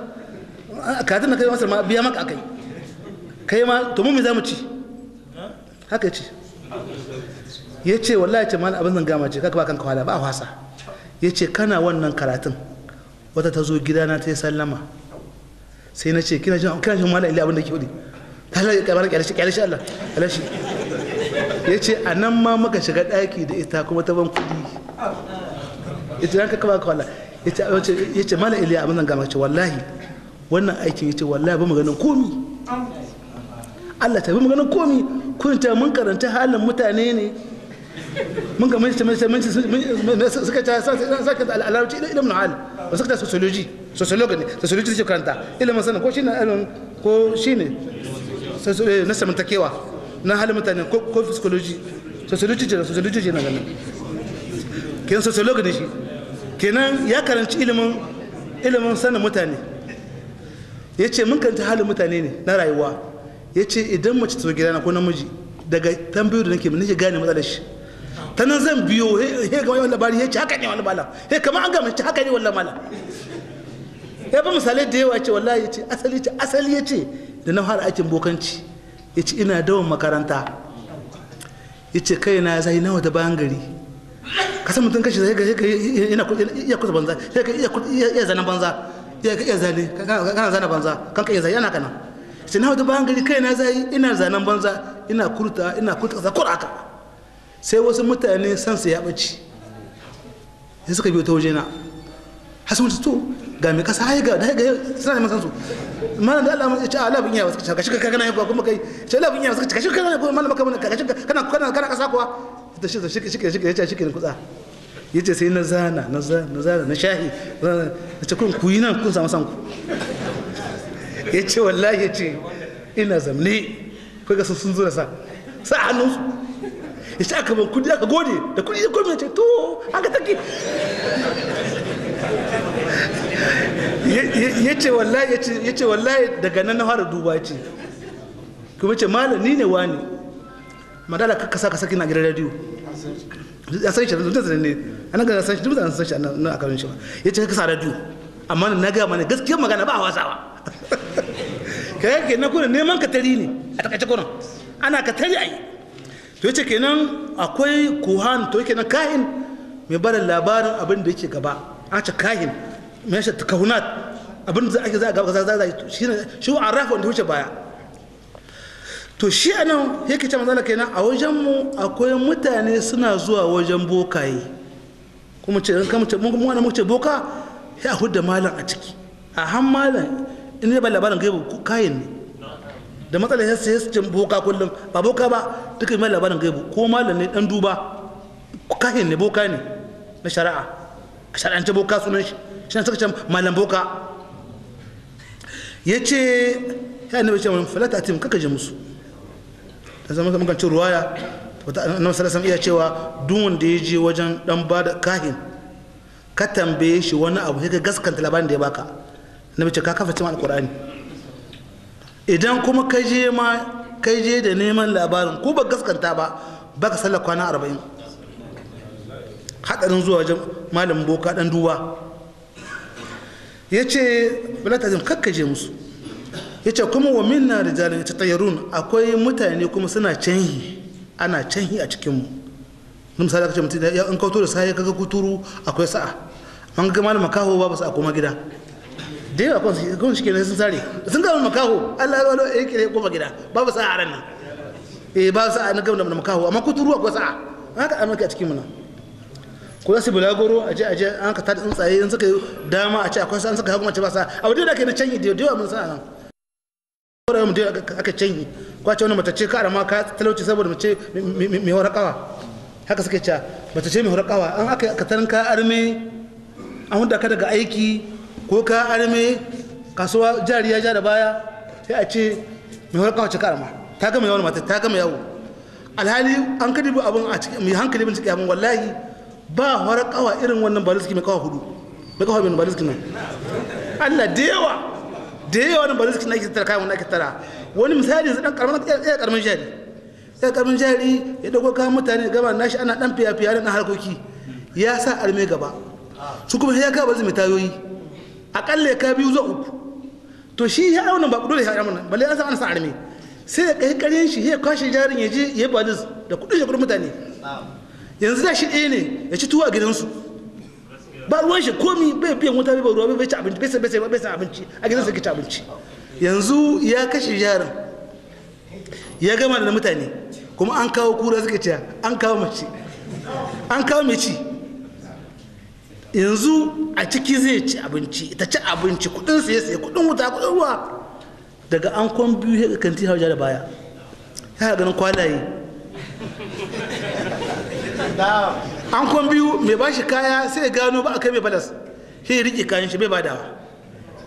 katin da ka taimasar ma biya maka a kai ma to mu me za mu ci haka ce ya ce wallahi ce mana abin gama ce kaka ba kanka kawala ba a wasa ya ce kana wannan karatun wata ta zo gidana ta yi sallama sai na ce kina jin kina jin mala ila abin da ke wuri ta la ya kabar kyalashi kyalashi Allah kyalashi ya ce a nan ma muka shiga daki da ita kuma ta ban kuɗi ita ranka kaba kawala. ya ce mala iliya abin zanga ce wallahi wannan aikin ya ce wallahi ba maganin komi allah ta bi maganin komi kun ta mun karanta halin mutane ne mun ga mace mace mace suka ta sa saka da al'arabci ilimin hal ba suka ta sociology sociology ne sociology ce karanta ilimin sanin ko shine ilimin ko shine na samantakewa na halin mutane ko psychology sociology ce sociology ce na ganin kin sociology ne shi kenan ya karanci ilimin ilimin sanin mutane ya ce mun kanta halin mutane ne na rayuwa ya ce idan mace ta gidana ko namiji daga tambayoyi da nake mun nake gane matsalar shi ta nan zan biyo he ga wani labari ya ce haka ne wani malam he kamar an gama ce haka ne wallahi mala ya ba misalai da yawa ya ce wallahi ya ce asali ce asali ya ce da na fara aikin bokanci ya ce ina dawon makaranta ya ce kai na zai nawa da bayan gari ka san mutum kashi zai ka yana iya kusa banza ya ka iya zanen banza iya ka iya zane kana zana banza kan ka iya zane yana kana sai na hudu bayan gari kai na zai ina zanen banza ina kurta ina kurta za kuraka sai wasu mutane san su ya bace sai suka biyo ta waje na hasan wata to ga mai kasa hai ga hai ga suna neman san su malam da Allah ya ce alabu bin yawa suka kashi kana yawa kuma kai ce alabu bin yawa suka kashi kana kuma malam kana kana kana kasa kuwa da shi shi shi shi ya ce shi kutsa ya ce sai na zana na zana na zana na shahi na ce kun kuyi nan kun samu sanku ya ce wallahi ya ce ina zamne kai ga sun zo da sa sa su ya ce aka ban kudi aka gode da kudi ya ce to aka take ya ce wallahi ya ce wallahi daga nan na fara duba ce kuma ce ni ne wani madala ka saka saki na gidan radio ya san shi da sanin ne anan ga san shi duk da san shi anan a karin shi ba yace ka sa radio amma na ga mana gaskiyar magana ba wasawa kai ke na kuna neman ka tari ne a takaice kuna ana ka tari ai to yace kenan akwai kuhan to kenan kahin mai bada labarin abin da yake gaba a ce kahin mai shi kahunat abin da ake za a gaba za a shi ne shi a rafa wanda wuce baya to shi a nan yake ce matsala kenan a wajenmu akwai mutane suna zuwa wajen bokaye kuma ce in kama mun wani muke boka ya hudda malam a ciki a han malam in ya ba labarin gaibu kayan ne da matsalar ya sai cin boka kullum ba boka ba duka mai labarin gaibu ko malam ne dan duba kayan ne boka ne na shari'a a shari'ance boka sunan shi shi na suka ce malam boka ya ce ya ne bai ce malam falata tim kaka ji musu da zama mukan cin ruwaya na sallallahu iya cewa duk da ya je wajen dan bada kahin ka tambaye shi wani abu sai ka gaskanta labarin da ya baka na bace ka kafa cin alkur'ani idan kuma ka je ma kai je da neman labarin ko ba gaskanta ba ba ka sallar kwana arba'in hadarin zuwa wajen malam boka dan duba ya ce bala ta kakkaje musu ya ce kuma wa minna rijalin ya ce tayarun akwai mutane kuma suna canhi ana canhi a cikinmu na misali aka ce mutum ya an kawo da sahi kaga kuturu akwai sa'a an ga malama makaho ba su a koma gida da yawa kun shi kenan sun sare sun gama makaho Allah ya walo ya kire koma gida ba ba sa'a ran nan eh ba sa'a na gama da makaho amma kuturu akwai sa'a haka an a cikin mu nan ko za su bulagoro a je a je an ka tada tsuntsaye in suka dama a ce akwai sa'a An suka hagu mace ba sa'a abu da ake na canji da yawa mun sa'a nan ko da mutum aka canyi kwa ce wani matace ce ka arama ka talauci saboda mace mai warakawa haka suke cewa mace ce mai warakawa an aka ka tarin ka arme an hunda ka daga aiki ko ka arme kasuwa jari ya ja da baya sai a ce mai warakawa ce ka arama ta gama yawon mata ta gama yawo alhali an kadi abin a cikin mai hankali bin cikin abin wallahi ba warakawa irin wannan baliski mai kawa hudu mai kawa bin baliski nan Allah da yawa da yawa wani ba zai tara ake kayan wani ake tara wani misali yanzu dan karamin ya karamin jari ya karamin jari ya dago ka mutane gaba nashi ana dan fiya-fiya na harkoki ya sa arme gaba su kuma ya ka ba zai mai tayoyi akalla ya ka biyu zuwa uku to shi ya auna ba dole ya auna balle an san ana sa arme sai ya kai karin shi ya kwashe jarin ya je ya baliz da kudin shi kudin mutane yanzu da shi ɗaya ne ya ci tuwa gidansu ba ruwan shi komi bai biyan wuta bai ruwa bai ci abinci bai sai bai sai abinci a gidan sai ci abinci yanzu ya kashe yaron ya gama da mutane kuma an kawo kura suka ce an kawo mace an kawo mai ci yanzu a ciki zai ci abinci ta ci abinci kudin siye siye kudin wuta kudin ruwa daga an kwan biyu ya kanti hauja da baya ya ga ganin kwalaye an kwan biyu mai ba shi kaya sai gano ba a kai mai balas sai ya riƙe kayan shi bai badawa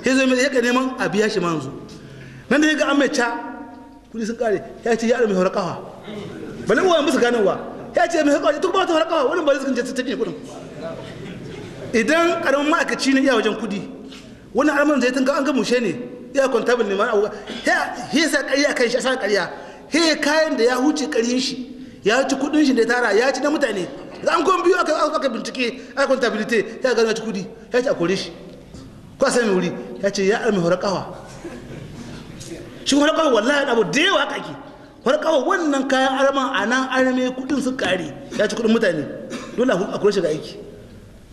sai zai mai yaka neman a biya shi manzu nan da ya ga an mai ca kudi sun kare ya ce ya mai horar kawa bale uwa musu ganowa ya ce mai horar duk ba ta horar kawa wani ba zai ta take kudin idan karamin ma'aikaci ne iya wajen kudi wani alamar zai tunga an ga mushe ne iya kwantabin ne ma'a ya sa ƙarya kan shi a sa ƙarya ya kayan da ya huce ƙaryin shi ya ci kudin shi da ya tara ya ci na mutane an kun biyu aka bincike bincike aka contabilité ya ga ci kudi ya ce a kore shi ko sai wuri ya ce ya almi horakawa shi horakawa wallahi abu da yawa aka ke horakawa wannan kayan arman a nan arme kudin sun kare ya ci kudin mutane dole a kore shi ga aiki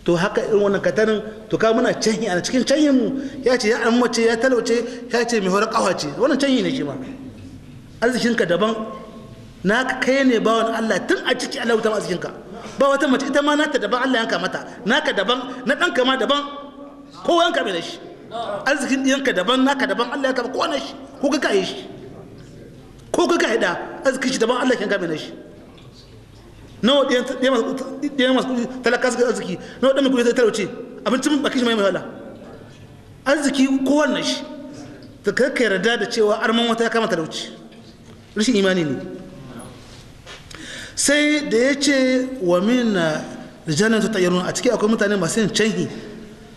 to haka irin wannan katanin to ka muna canyi a cikin canyin mu ya ce ya almace ya talauce ya ce mai horakawa ce wannan canyi ne shi ma arzikinka daban na kai ne bawan Allah tun a ciki Allah wuta arzikinka ba wata mace ita ma nata daban Allah yanka mata naka daban na ɗanka ma daban ko yanka mai da shi arzikin ɗiyanka daban naka daban Allah yanka ko na shi ko ka kaye shi ko ka kaye da arzikin shi daban Allah yanka mai da shi nawa ɗiyan masu kuɗi talaka suka arziki nawa ɗan mai kuɗi zai abinci mun baki shi mai mai wala arziki ko wannan shi ta kakkai yarda da cewa arman wata ya kama talauci rashin imani ne sai da ya ce wa min rijalin ta tayyarun a ciki akwai mutane masu yin canhi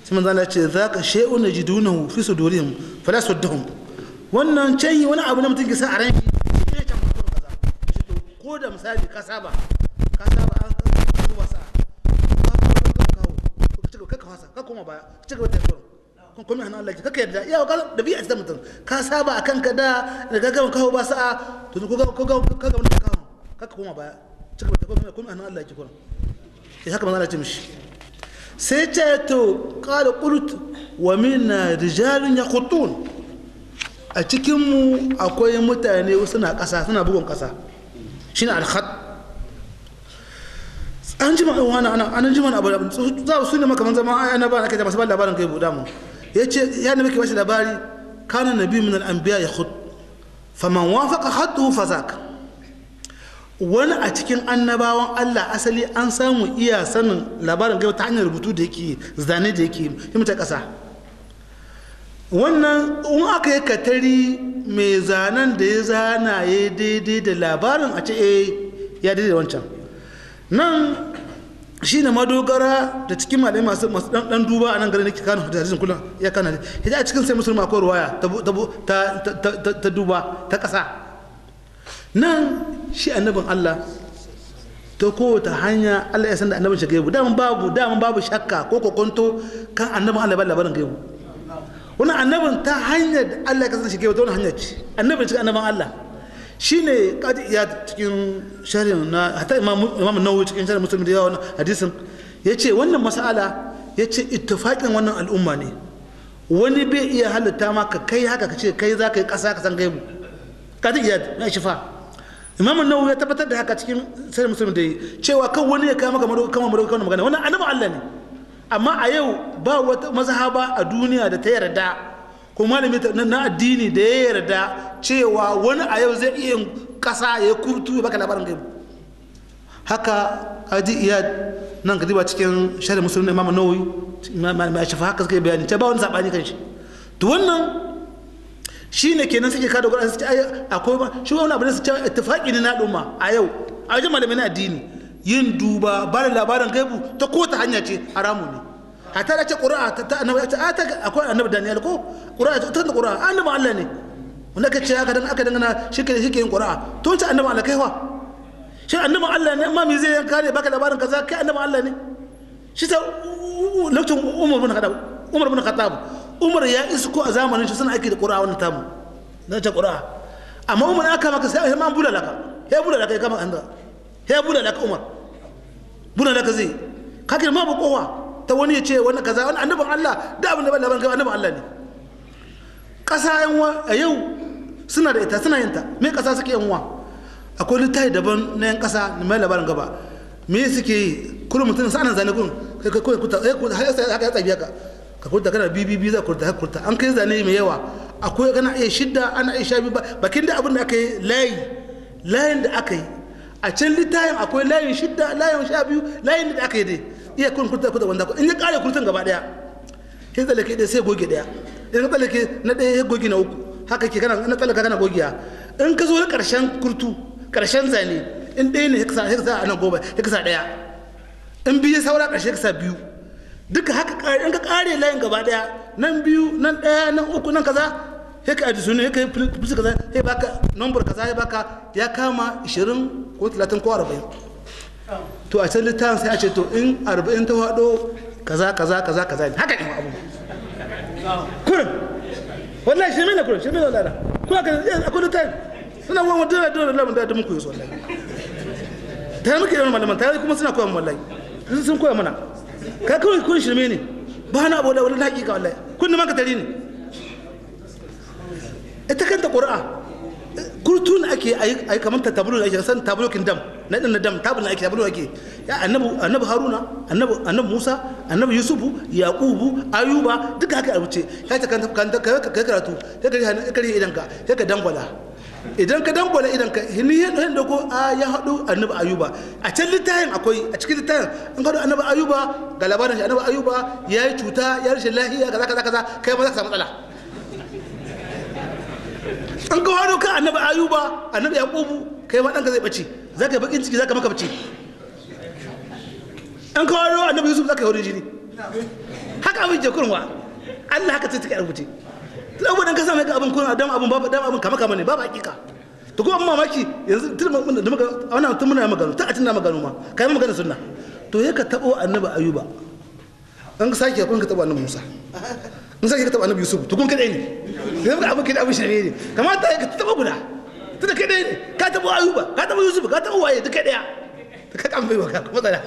sai manzo Allah ce za ka shay'un najidunahu fi sudurihim fala suddahum wannan canhi wani abu na mutum ke sa a ran shi sai can mutum kaza ko da misali ka saba ka saba an zuba wasa, ka ka fasa ka koma baya ka cigaba da tafiya kun komi hannun Allah kaka yarda iya ka dabi'a ta mutum ka saba akan ka da daga gaban kawo ba sa'a to ko ga ko ga ka ga mutum kawo kaka koma baya cika bata komai komai hannun Allah yake kuma sai eh, haka manzo Allah ce mishi sai ce to qala qult wa minna rijalun yaqutun a cikin mu akwai mutane suna kasa suna bugun kasa shine al-khat an jima wani ana an jima abu da za su ne makaman zama ai na ba na kai masu ba labarin kai buda mu yace ya ne muke bashi labari kana nabi min al-anbiya yakhut faman wafaqa khatuhu fazaka wani a cikin annabawan Allah asali an samu iya sanin labarin gaba ta hanyar rubutu da yake zane da yake himta ƙasa wannan in aka yi katari mai zanen da ya zana ya daidai da labarin a ce eh, ya daidai da wancan nan shi ne madogara da cikin malai masu masu dan duba a nan garin nake kano da jirgin kullum ya kana ya a cikin sai musulma akwai ruwaya ta duba ta ƙasa nan shi annabin Allah ta kowata hanya Allah ya san da annabin shi gaibu daman babu daman babu shakka ko kokonto kan annabin Allah bala labarin gaibu wani annabin ta hanya da Allah ya kasance shi gaibu ta wani hanya ce annabin cikin annabin Allah shine kaji ya cikin sharhin na hatta imam nawawi cikin sharhin muslim da yawa hadisin yace wannan mas'ala yace ittifaqin wannan al'umma ne wani bai iya halatta ma ka kai haka ka ce kai za ka yi ƙasa ka san gaibu kaji ya shi shifa imamu nawawi ya tabbatar da haka cikin sai musulmi da cewa kan wani ya kama kamar kama murka kan magana wannan annabi Allah ne amma a yau ba wata mazhaba a duniya da ta yarda ko malami na addini da ya yarda cewa wani a yau zai iya kasa ya kutu ya baka labarin gaibu haka kaji iya nan ka diba cikin sharri musulmi imamu nawawi imamu mai shafa haka suka bayani ta ba wani sabani kan shi to wannan shi ne kenan suke kada gwada su ce akwai ba shi wani abu ne su ce ittifaqi ne na ɗuma a yau a wajen malamai na addini yin duba ba da labarin gaibu ta ko ta hanya ce haramu ne hatta da ce ƙura'a ta annabi ta ta akwai annabi Daniel ko ƙura'a ta ta ƙura'a annabi Allah ne wanda ka ce haka dan aka dangana shi ke shi ke yin ƙura'a to ce annabi Allah kai wa shi annabi Allah ne amma me zai kare baka labarin kaza kai annabi Allah ne shi ta lokacin Umar bin Khattab Umar bin Khattab umar ya ko a zamanin shi suna aiki da ƙura'a wannan tamu na ta ƙura'a amma umar ya kama ka sai a bula laka ya bula laka ya kama an ya bula laka umar bula laka zai kakin ma ba ta wani ya ce wani kaza wani annabin allah da abin da ban labarin annabin allah ne ƙasa yanwa a yau suna da ita suna yinta me ƙasa suke akwai daban na yan ƙasa mai labarin gaba me suke yi kullum mutum sa'anan zane kai kai kai kai ya ka kurta kana bibi biyu za ka kurta kurta an kai zane mai yawa akwai kana iya shidda ana iya sha biyu bakin da abin da aka yi layi layin da aka yi a can litayin akwai layin shidda layin sha biyu layin da aka yi dai iya kun kurta kurta wanda in ya kare kurtan gaba daya sai tsallake ɗaya sai goge daya in ka tsallake na ɗaya ya goge na uku haka ke kana na tsallaka kana gogiya in ka zo na ƙarshen kurtu ƙarshen zane in ɗaya ne ya kasa a nan goma ya kasa ɗaya in biyu saura ƙarshe ya kasa biyu duka haka in ka kare layin gaba daya nan biyu nan daya nan uku nan kaza sai a jisuni suna sai ka yi filifisi kaza sai baka nombar kaza sai baka ya kama 20 ko 30 ko 40 to a can littafin sai a ce to in 40 ta hado kaza kaza kaza kaza ne haka ne abu kurin wallahi mai na kurin shirme ne wallahi kuma ka zai akwai littafin suna wani wadda da dole lamun da muku yi su wallahi tare muke yi yawan malaman tare kuma suna koyan wallahi sun koya mana kai kawai kun shirme ne ba na abu da wani wallahi kun ne makatari ne ita kanta ƙura'a ake ayi kamar ta da ake san kin dam na na dam na ake ake ya haruna annabu musa annabu yusufu yaƙubu ayuba duka haka a ka ta kanta kanta karatu ka kare idan ka ka dangwala idan ka dangwala idan ka hini yadda ko a ya haɗu annabi ayuba a can littayin akwai a cikin littayin an a annabi ayuba ga labarin annabi ayuba ya yi cuta ya rashin lahiya kaza kaza kaza kai ma za ka samu matsala an ka haɗu kan annabi ayuba annabi yaqubu kai ma ɗanka zai ɓace za ka yi baƙin ciki za ka maka ɓace an ka a annabi yusuf za ka yi horin jini haka abin jakurwa allah haka sai ta kai rubuce tun abubuwan ka sa mai abin kuna dama abin babu dama abin kama kama ne babu hakika to kuma mamaki yanzu tun da muka wannan tun muna magana tun a tun na magana ma kai magana sunna to ya ka tabo annabi ayuba an ka sake kun ka tabo annabi musa in sake ka tabo annabi yusuf to kun kadai ne yanzu abin kai abin shirye ne kamata ka tabo guda tun kai dai ne ka tabo ayuba ka tabo yusuf ka tabo waye duk kai daya ka kan bai ka kuma tsara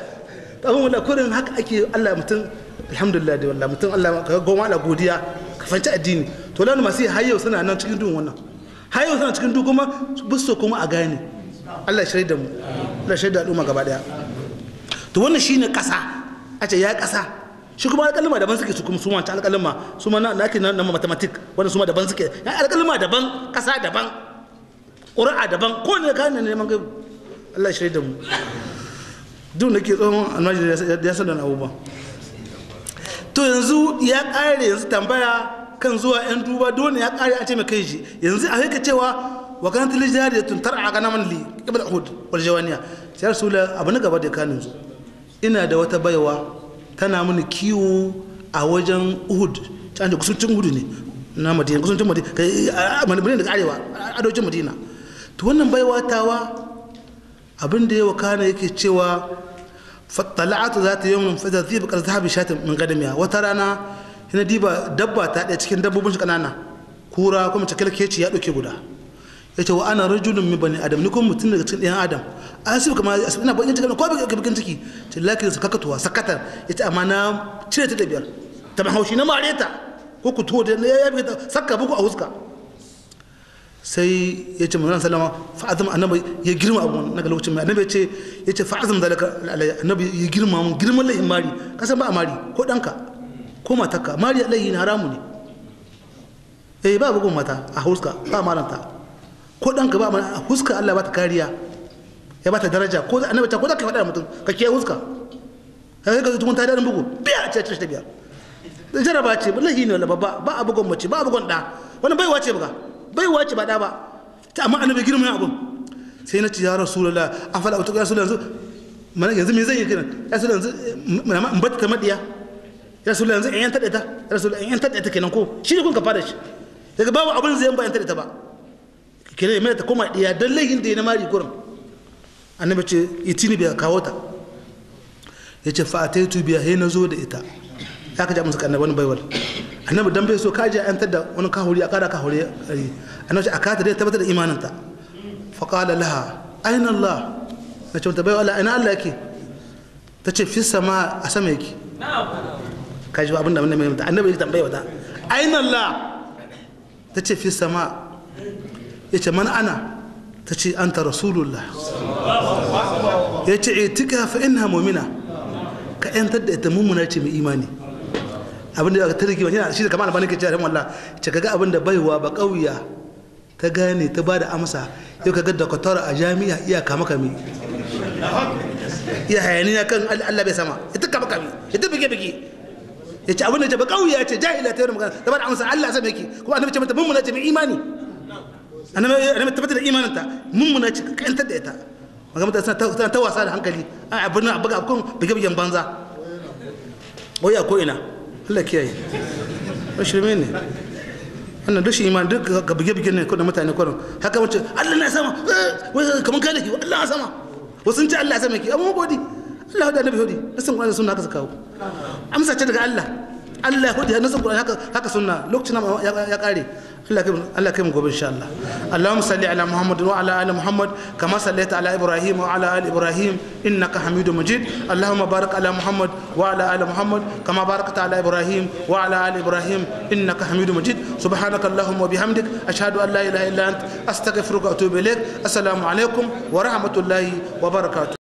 abin wala kurin haka ake Allah mutum alhamdulillah da wallahi mutum Allah ka goma Allah godiya ka fanci addini to lan masu har yau suna nan cikin duhun wannan har yau suna cikin duhu kuma bisu kuma a gane Allah ya da mu Allah ya da al'umma gaba daya to wannan shine kasa a ce ya kasa shi kuma alƙalma daban suke su kuma su wancan alƙalma su ma na ake na mathematic wannan su ma daban suke ya alƙalma daban kasa daban ƙura'a daban ko ne ka ne neman kai Allah ya da mu duk da ke tsohon almajiri ya sanar abubuwa to yanzu ya ƙare yanzu tambaya kan zuwa yan duba dole ya kare a ce mai kai shi yanzu a haika cewa wa kan tilil jariya tun tar a ganaman li kibal hud wal jawaniya sai rasula abu na gaba da kanin zo ina da wata baiwa tana mini kiwo a wajen uhud can da kusurcin hudu ne na madina kusurcin madina madina daga arewa adocin madina to wannan baiwa tawa abin da ya wakana yake cewa fatala'atu za ta yi mun fata zai bukar zahabi shatin min gadamiya wata rana yana diba dabba ta ɗaya cikin dabbobin shi ƙanana kura kuma ta kalkeci ya ɗauke guda ya ce wa ana rajulun mi bani adam ni kuma mutum daga cikin ɗayan adam a su kama asibiti ina bakin cikin ko bai bakin ciki ta lakin su kakatuwa sakatar ya ce amma na cire ta da biyar ta mahaushi na mare ta ko ku tuwo da ya bi ta sakka buku a huska sai ya ce manzon sallama fa'azam annabi ya girma abu na ga lokacin mai annabi ya ce ya ce alayya zalika annabi ya girma mun girman lahin mari kasan ba a mari ko danka ko matarka mari laihi ne haramu ne eh ba bugun mata a huska ba maranta ko ɗanka ba a huska Allah ba ta kariya ya ba ta daraja ko annabi ta ko za ka faɗa mutum ka ke huska kai ka zuwa ta da bugu biya ce ce biya jaraba ce ba lahi ne wala ba ba a bugun mace ba a bugun da wani baiwa ce ba baiwa ce ba da ba ta amma annabi girman abun sai na ci ya rasulullah afala utuka rasulullah yanzu mana yanzu me zan yi kiran rasulullah yanzu in bata ta madiya rasulullah yanzu in yantar da ta rasulullah in yantar da ta kenan ko shi ne kun ka fara shi daga babu abin zai ba yantar da ta ba kire ya ta koma diya dan laihin da ya na mari kurin annabi ce itini bai kawo ta ya ce fa'ataitu biya he na zo da ita ya ka ja musu kanna wani baiwal annabi dan bai so ka je yantar da wani kahuri a kara kahuri annabi ce a kata dai tabbatar da imaninta fa qala laha aina allah na ce ta baiwala aina allah yake ta ce fi sama a sama yake na'am kaji abin da mai mutu annabi ya tambaye wata aina Allah ta ce fi sama ya ce man ana ta ce an ta rasulullah ya ce itika eh, fa ina mu'mina ka yantar da ita mummuna ce mai imani abin da ta rigi wani shi da kamar albani ke cewa rahim Allah ce kaga abin da baiwa ba kauya ta gane ta ba da amsa yau kaga da kwatara a jami'a iya kama kami iya hayaniya kan Allah bai sama ita kama kami ita bige bige ya ce abin da ce ba kauye ya ce jahila ta yi magana ta bada amsa Allah zai miki kuma annabi ce mata mummuna ce mai imani annabi tabbata da imaninta mummuna ce kantar da ita magana ta ta wasa da hankali a abin nan abuga abkon bigibigen banza wai a ko'ina Allah kiyaye shirme ne wannan duk shi iman duk ga bige-bige ne kudin mutane kwarin haka mace Allah na sama eh, wai kamar kai da ke Allah na sama wasu ce Allah sama ke amma godi Allah hudu annabi hudu nasin Qur'ani sunna haka su kawo amsa ce daga Allah Allah hudu ya nasin Qur'ani haka haka sunna lokacin ya kare Allah kai mu gobe insha Allah Allahumma salli ala Muhammad wa ala ali Muhammad kama sallaita ala Ibrahim wa ala ali Ibrahim innaka Hamidum Majid Allahumma barik ala Muhammad wa ala ali Muhammad kama barakta ala Ibrahim wa ala ali Ibrahim innaka Hamidum Majid سبحانك اللهم وبحمدك أشهد أن لا إله إلا أنت أستغفرك وأتوب إليك السلام wa ورحمة wa وبركاته